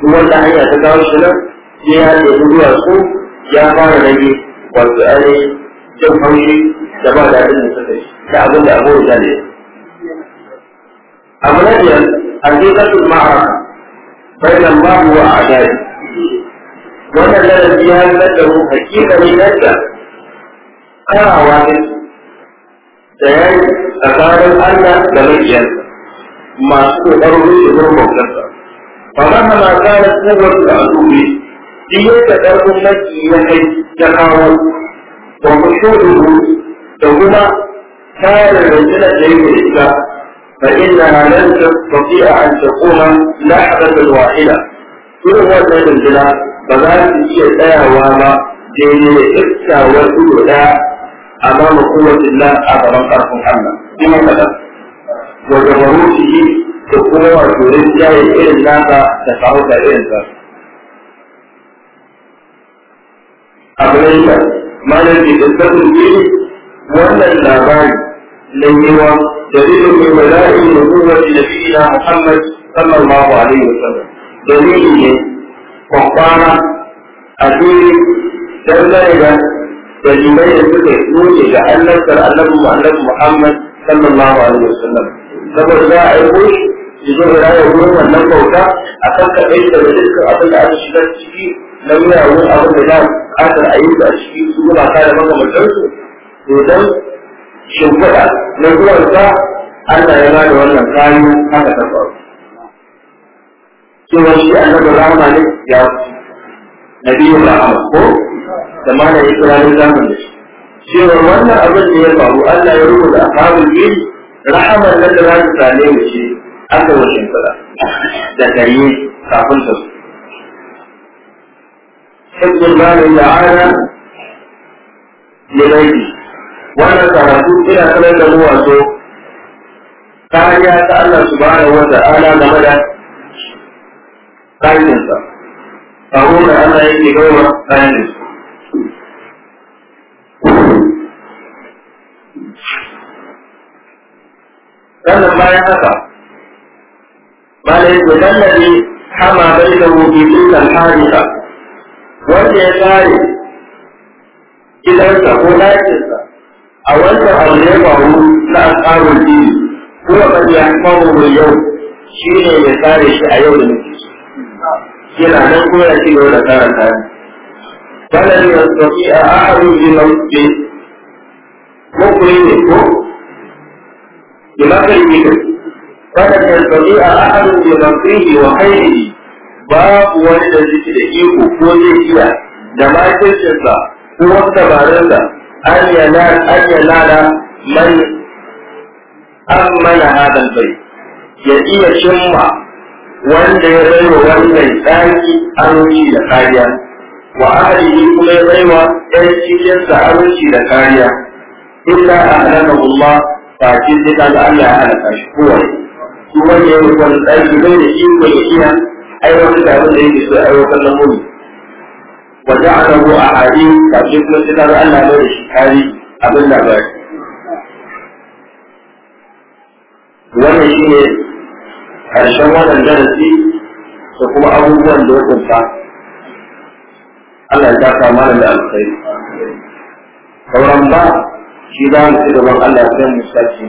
Kuma ta hanya ta kawo shi nan sai ya zuwa duwatsu ya fara rage wato ainihin jin haushi da ba daɗin da suka yi da abin da abu da ne. Abu na biyar, hakikatun ma'araka, bayan babu wa a dari. Wannan lalabi ya halar da mu hakikani yadda karawa ne da ya yi tsakanin Allah da makiyarsa masu ƙoƙarin wuce gurbin kansa. Fa ma kana kana kuwar da al'ummi duk yadda ƙarfin maki ya kai ya kawo wa kushudu da kuma tarin rundunar da yake shiga fa inna lan tastati'a an taquma lahdatan wahida irin wannan runduna ba za su iya tsayawa ba daidai da iskawar ido ɗaya a mama kowacin nan a gaban ƙarfin Allah kuma kaɗan wa gabaruci da kuma wato rinjaye irin nasa da kawo da irin zasu abu na yi malam ke da sabon jini wannan labari na yiwa da zai mai bala'in da kuma da fiye na Muhammad sallallahu alaihi wa sallam dalili ne kwakwara a fili dangane da dalilai da suka nuni ga annabtar annabi annabi Muhammad sallallahu alaihi wa sallam saboda za a yi koshi ya zo da rayuwar wannan bauta a kan kaɗai da dukkan abin da aka shigar ciki na miyagun abin da za a kasar a yi a cikin su gaba ta da makamantarsu to don shimfiɗa na zuwansa Allah ya ba da wannan kayan haka ta faru. Cewa shi annabi Rahama ne ya Nabi a ko da mana ya kira ne zaman da shi. Cewa wannan abin da ya faru Allah ya rubuta a kawun yin rahamar na da za ta same mu ce aka wa shimfiɗa da gari kafin ta su. حفظ الله تعالى لغيره wannan karatu ina sanar da mu wato kariya ta Allah subhanahu wa ta'ala game da kayansa tsaro da Allah yake gawa kayansa sannan bayan haka malai gudanar ne hama bai da wuce dukkan harika wanda ya tsare gidansa ko ɗakinsa a wancan abu ne faru na tsarin jini kuma kan ya kawo yau shi ne ya tsare shi a yau da nufi yana nan ko ya ci gaba da tsara tsari wannan ya tafi a ahadu jinan ce ko kuma ne ko jima'a yi ne wannan ya tafi a ahadu jinan ce wa haini babu wani da zai da iko ko zai iya da makircinsa ko wasu dabarunsa an yi an yana man mana hadal bai ya iya cimma wanda ya raiwa wannan tsaki aminci da kariya wa ahlihi kuma ya wa ɗan cikinsa aminci da kariya illa a halaka kuma ba cikin sai ta Allah ya halaka shi kowai kuma ya yi wani tsaki bai da iko ya iya aiwatar da abin da yake so aiwatar na mulu wa ja'alahu a hadi kashi kuma sai ka Allah ne da shi kari abin da ba wannan shine karshen wannan darasi da kuma abubuwan da ya kunta Allah ya saka mana da alkhairi sauran ba shi za mu ci gaban Allah sai mu sake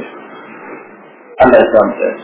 Allah ya samu tsari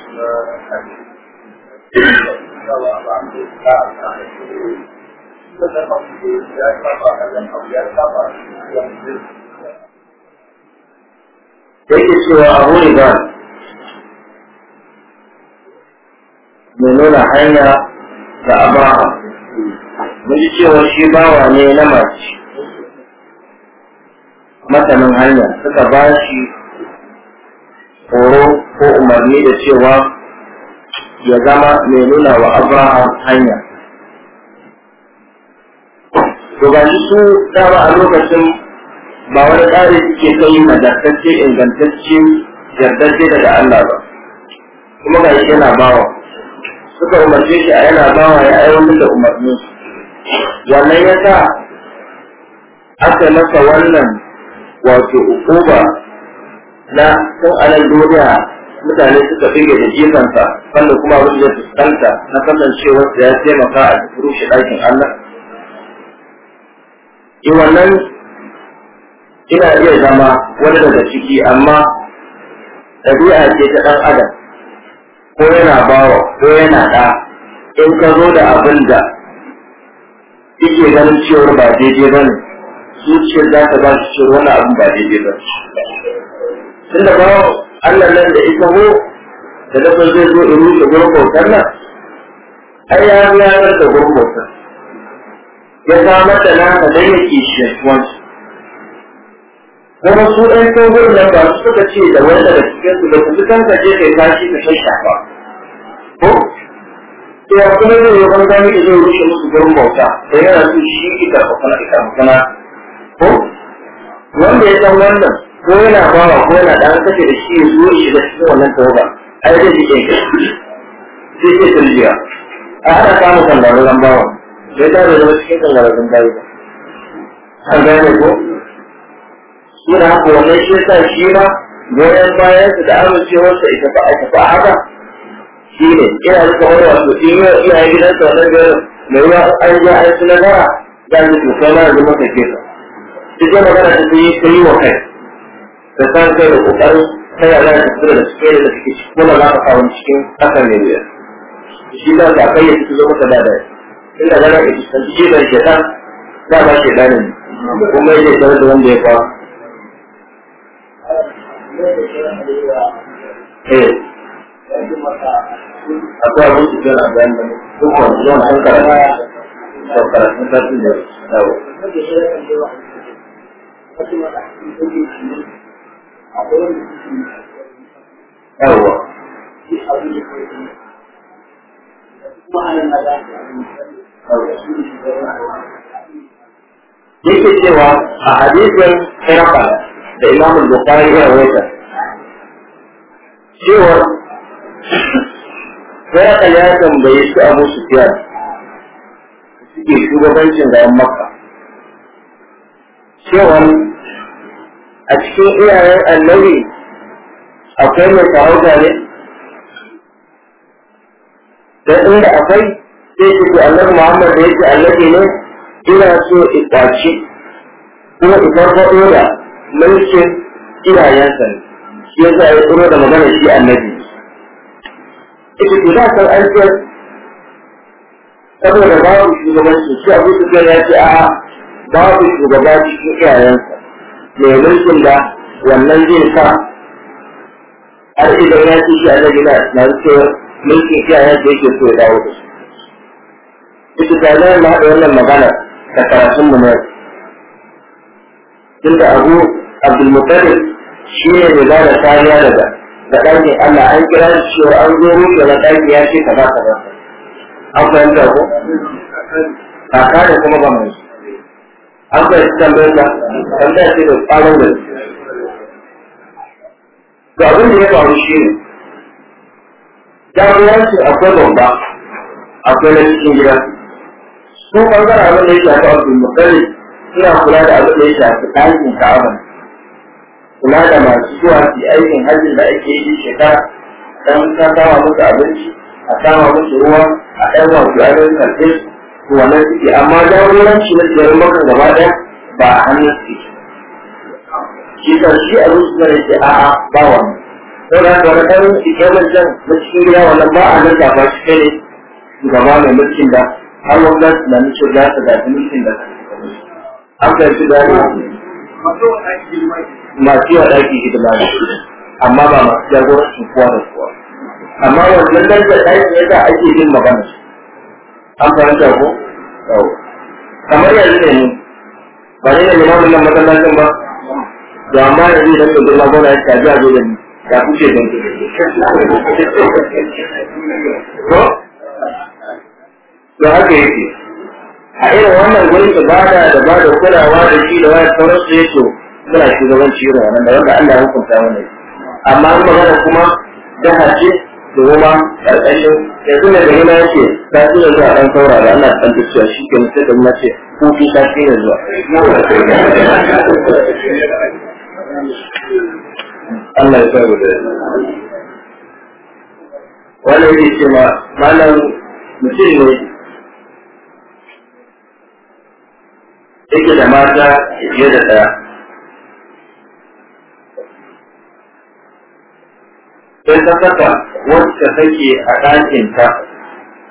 yake cewa abu riba mai nuna hanya da abaha mun ji cewa shi bawa ne na mace masanin hanya suka ba shi horo ko umarni da cewa ya zama mai nuna wa abraham hanya to su dama a lokacin ba wani tsari suke kai nagartacce ingantacce yardacce daga allah ba kuma ga shi yana bawa suka umarce shi a yana bawa ya aiwatar da umarni wannan ya sa aka masa wannan wato ukuba na tun alal duniya mutane suka fi da jifansa wanda kuma wani ya fuskanta na kasancewar da ya taimaka a shi ɗakin Allah Yi wannan ina iya zama wani daga ciki amma ɗabi'a ce ta ɗan adam ko yana bawa ko yana ɗa in ka zo da abin da yake ganin cewar ba daidai ba ne zuciyar za ta ba shi cewa wani abin ba daidai ba tun da bawa Allah nan da ita ho da dafa zai zo in yi gurin gurbo nan ai ya ya yar da gurin bautar ya samar da naka dan ya kishi kuma su ɗan togon nan ba su suka ce da wanda da cikin su da su kan ka je kai tashi ka ba ko to ya kuma zai yi wani zami da zai rushe musu gurin bauta da yana su shi ki karɓa kana ita mutuna ko wanda ya san wannan ko yana bawa ko yana ɗan kashe da shi ya zo ya shiga cikin wannan tawaga ai zai ji kai sai ce turjiya a ana samun kangararren bawa sai ta zai zama cikin kangararren bayi ba an gane ko shi da haka wannan shi sa shi ma goyon su da amincewarsa ita ba a tafi haka shi ne ina da kamar wato in yau iyaye gidansa wannan garin mai ruwa an ja aiki na gara za su tuka na zama kake ka. Ita magana ta yi ta yi wa kai. da san kai da kokarin ta ya za ka fita da suke da suke ciki kuma za ka cikin hakan ne biyar shi za ka kai ya fito maka da da inda za ka fuskanci jefar shaitan za ba shaitanin kuma yake tare da wanda ya kawo akwai abin da jana bayan da kuma zuwa an karanta da karatun tafi da yawa Duk da cewa a hadisin hirafa da Imamul-Bukhari ya rawaita cewa hirafa ya tambaye su abu su fiya suke shugabancin garin makka cewa a cikin iyayen annabi akwai mai kawo gane da inda akwai sai ku annabi muhammad da yake annabi ne ina so itaci kuma itar faɗo da mulkin iyayensa ne shi yasa ya tsoro da magana shi annabi ita ku za san aikin saboda babu shugabanci shi abu su ya ce a'a babu shugaba cikin iyayensa mai mulkin da wannan zai sa har idan ya ci shi a nagina na cewa mulkin shi a yadda yake so ya dawo da shi. Ita da zai haɗa wannan magana da karatun mu ne. Tunda Abu Abdulmutalib shi ne mai ba da kariya daga da ɗakin Allah an kira shi cewa an zo rufe na ɗaki ya ce kaza kaza. An fahimta ko? Kaka da kuma ba mai an ga tambayar da tambaya ce da tsaron da to abin da ya faru shi ne akwai bamba akwai na cikin gida su ɓangaren abin da ya shafi abin mutane suna kula da hajji abinci a a wannan suke amma jagoranci na maka gaba ba a hannun suke shi ƙarshe a zuci na a'a ba wani da wani ɗan na cikin gida wannan ba a nan gaba shi kai ne gaba mai mulkin da har wani za su nemi cewa su gaji mulkin da an fahimci da ne masu yawa ɗaki hidima ne amma ba masu jagorancin kowa da kowa amma wannan ɗan da ɗaki ya sa ake yin magana an fahimta ko kamar yanzu ne ba ne da limamin nan masallacin ba Da amma da zai rasa girma gona ya tafi a zuwa ne ya kuce don to to haka yake a irin wannan gurin ba da da ba da kulawa da shi da wani sauransu ya to suna shugabanci irin wannan da wanda Allah ya hukunta wannan amma in magana kuma da ce da kuma ƙarƙashin yanzu ne da yana yake ta ce yanzu a ɗan saurara ana ɗan tafiya shi ke mutu da mace ko ki ta ce yanzu Allah ya sa mu da wani yake ce ma malam mutum ne yake da mata fiye da ɗaya sai ta saka wacce take a ɗakinta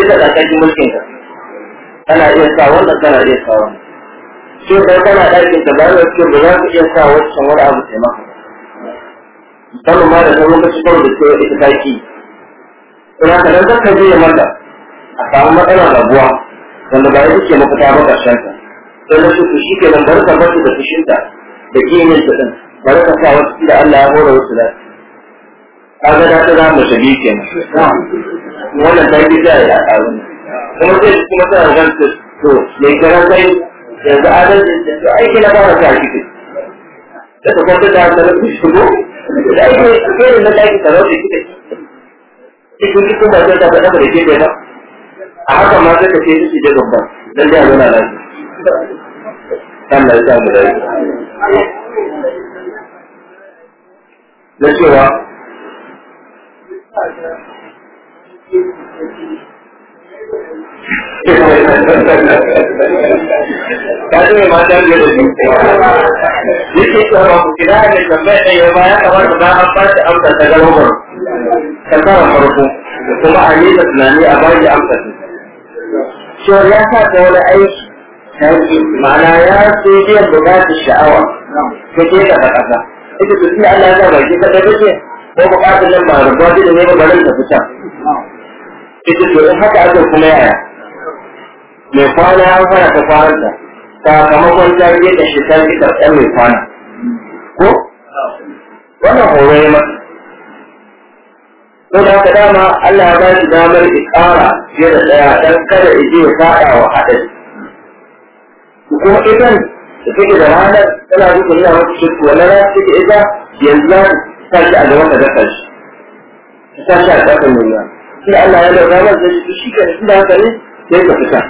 bisa ƙarƙashin mulkin ka kana iya sa wannan kana iya sa wannan shi kai kana ɗakin ka ba za ka ba za ka iya sa wancan wani abu taimaka? maka ma da sauran kashi kawai da cewa ita taki ina ka nan zaka je mata a samu matsalar rabuwa wanda ba ya ce mafita ba ƙarshen ka. sai na su shi ke nan bari ka basu da fushinta da kimin ta ɗin bari ka sa wasu da Allah ya hore wasu da kaga da ta za mu shige kenan wannan ta yi da ya karu kuma sai kuma sai an ganta to mai karan sai yanzu adalci da aiki na ba ta shi da ta kwanta da ta rubu ko, da aiki ne na da aiki ta rubu shi cikin cikin ba sai ta faɗa da ke da a haka ma zai ka ce shi da gaba dan da yana nan Allah ya samu da na cewa kaji mai mata ne da shi yake tsara ku kira da tambaya da yawa ya kamata ba an ba ta amsa ta garbar tsakarar farko kuma a nisa tunani a bayi amsa ta shi ya sa ta wani aiki ma'ana ya su biyan da za su sha'awa ta ke da kasa ita su Allah ya sa baki ta ta ko bukatar nan ba rubuwa da ne ba barin ta fita ita to in haka aka kuma yaya mai kwana ya fara ta kwananta sakamakon ta je da shi ta ji karɓar mai kwana ko wannan horo ya masa don haka dama Allah ya ba shi damar ikara fiye da ɗaya don kada ya je ya faɗa wa haɗari kuma idan da take da ranar tana duka yana wata shirku wannan rana take ita yanzu za ta shi a gaban da zaka shi ta shi a ƙasar mai sai Allah ya lauka masa zai shi ka shi da haka ne sai ka fita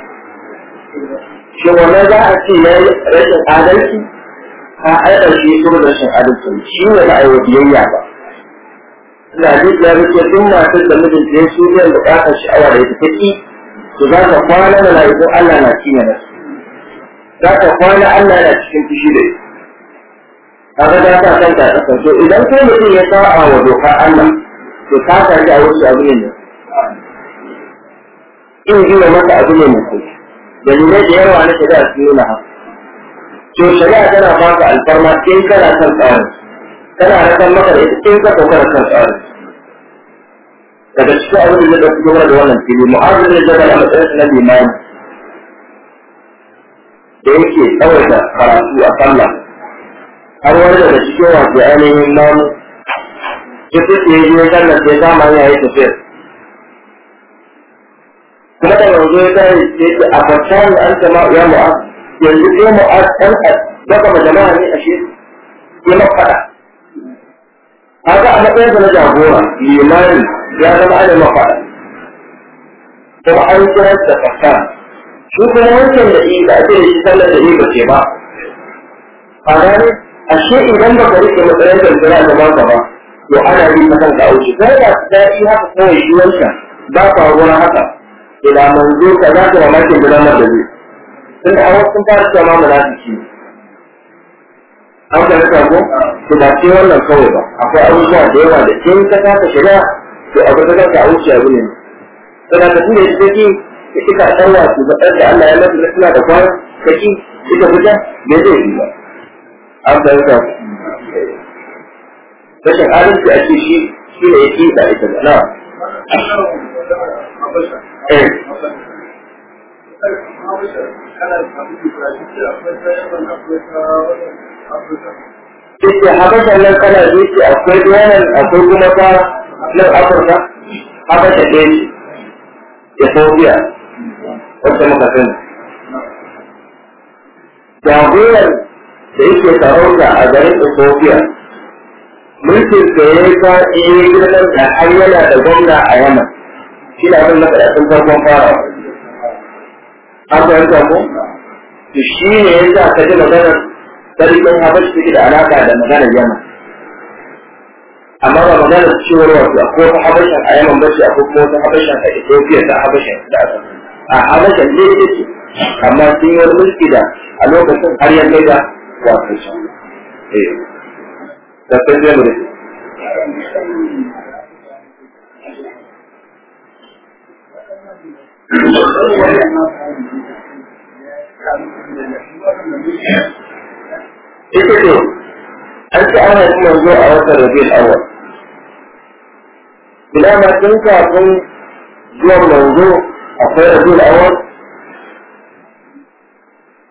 shi wannan za a ce ya yi rashin adalci ka aikar shi su rashin adalci shi ne ba a yi biyayya ba ina duk ya rike duk matar da mijin da ya su biyan bukatar sha'awa da ya tafi to za ka kwana da la'ikun Allah na cinye nasu za ka kwana Allah na cikin fushi da ita kaga da ka san ka kasance idan kai mutum ya sa'a wa doka Allah to ka san da wuce abu ne. in gina masa abu ne mai kai dalilai da yawa na shari'a su yi haka to shari'a tana baka alfarma in kana son tsarin tana rakan maka da ita in ka kokara kan tsarin daga cikin abin da zai ɗauki gwamnati da wannan fili mu'azin da zai da matsayin na limani da yake tsawaita karatu a kalla. har wani daga cikin wasu ainihin mamu ya fi tsaye ne sallah sai kama ya yi tafiyar kuma da yanzu ya ta yi ce a fashan da an sama ya mu'az yanzu ya mu'az ɗan a daga majama'a ne a shi ya mafaɗa haka a matsayinsa na jagora limani ya zama ana mafaɗa kuma an kira da fashan shi kuma wancan da iya da ake shi sallar da iya ce ba a gane ashe idan ba ka rike matsayin da da ba ba to ana yi ta kanka a wuce kai da daɗi haka kawai shi wancan ba ka ruwa haka ila manzo ka za ka mamakin gudanar da zai sun da awar sun fara cewa munafiki an kana ko su ba ce wannan kawai ba akwai abubuwa da yawa da in ka kasa shiga to abu da ka wuce abu ne sana ka tunda ita ki da kika tsawa su ba da Allah ya lafi suna da kwan ka ki kika fita me zai yi ba an kana ka rashin adalci a ce shi shi ne ya ki da ita na eh Cikin habasha nan kana zuci akwai wannan akwai kuma ta nan Afirka habasha ɗaya ce, Ethiopia, wacce muka sani. Jagoran da yake sarauta a garin Ethiopia, mulkin da ya yi ta iya girman da har yana da gwamna a Yaman. shi na zan maka ɗan farkon fara an fahimta ko to shi ne ya sa ka ji maganar sarkin habashi take da alaƙa da maganar yaman amma ba maganar cewar wasu akwai wata habashin a yaman bace akwai kuma wata habashin a ethiopia ta habashin da aka a habashin ne ya ce amma sun yi wani mulki da a lokacin har yan da wasu shi. Eh, da sun zai mu ita ce an ci ana yi a wata rabiul awa. ina ma tun kafin zuwan manzo akwai rabiul awwal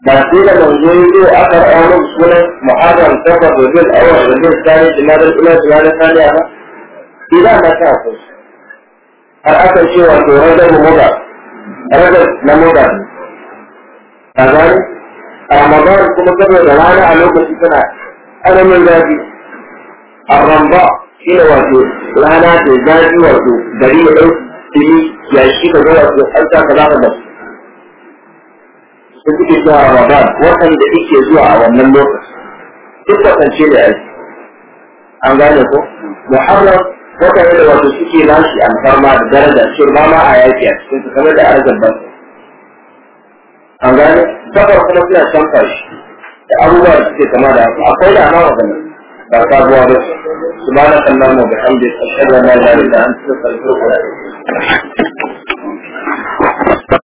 ba da manzo ya zo aka sunan muharram safar rabiul awwal rabiul thani jimadar ila jimadar thaniya ba ina ma ta har aka ce rabin na moda a gani a ramadan kuma saboda rana a lokaci tana ƙaramin zafi a ramba shi ne wato rana ta zafi wato gari ya ɗau fili ya shi ka zo wato an sa ka za da su suke zuwa ramadan waɗanda ike zuwa a wannan lokaci duk kasance da aiki an gane ko muharram mutane yadda wato suke nashi alfarma da daraja ce ba ma a yaki a cikin su kamar da arzan basu. an gane sabar kuma suna canfa shi da abubuwa da suke kama da haka akwai da ma magana ba sabuwa ba su subhanak allahumma wa bihamdika ashhadu an shirya na illa da astaghfiruka wa atubu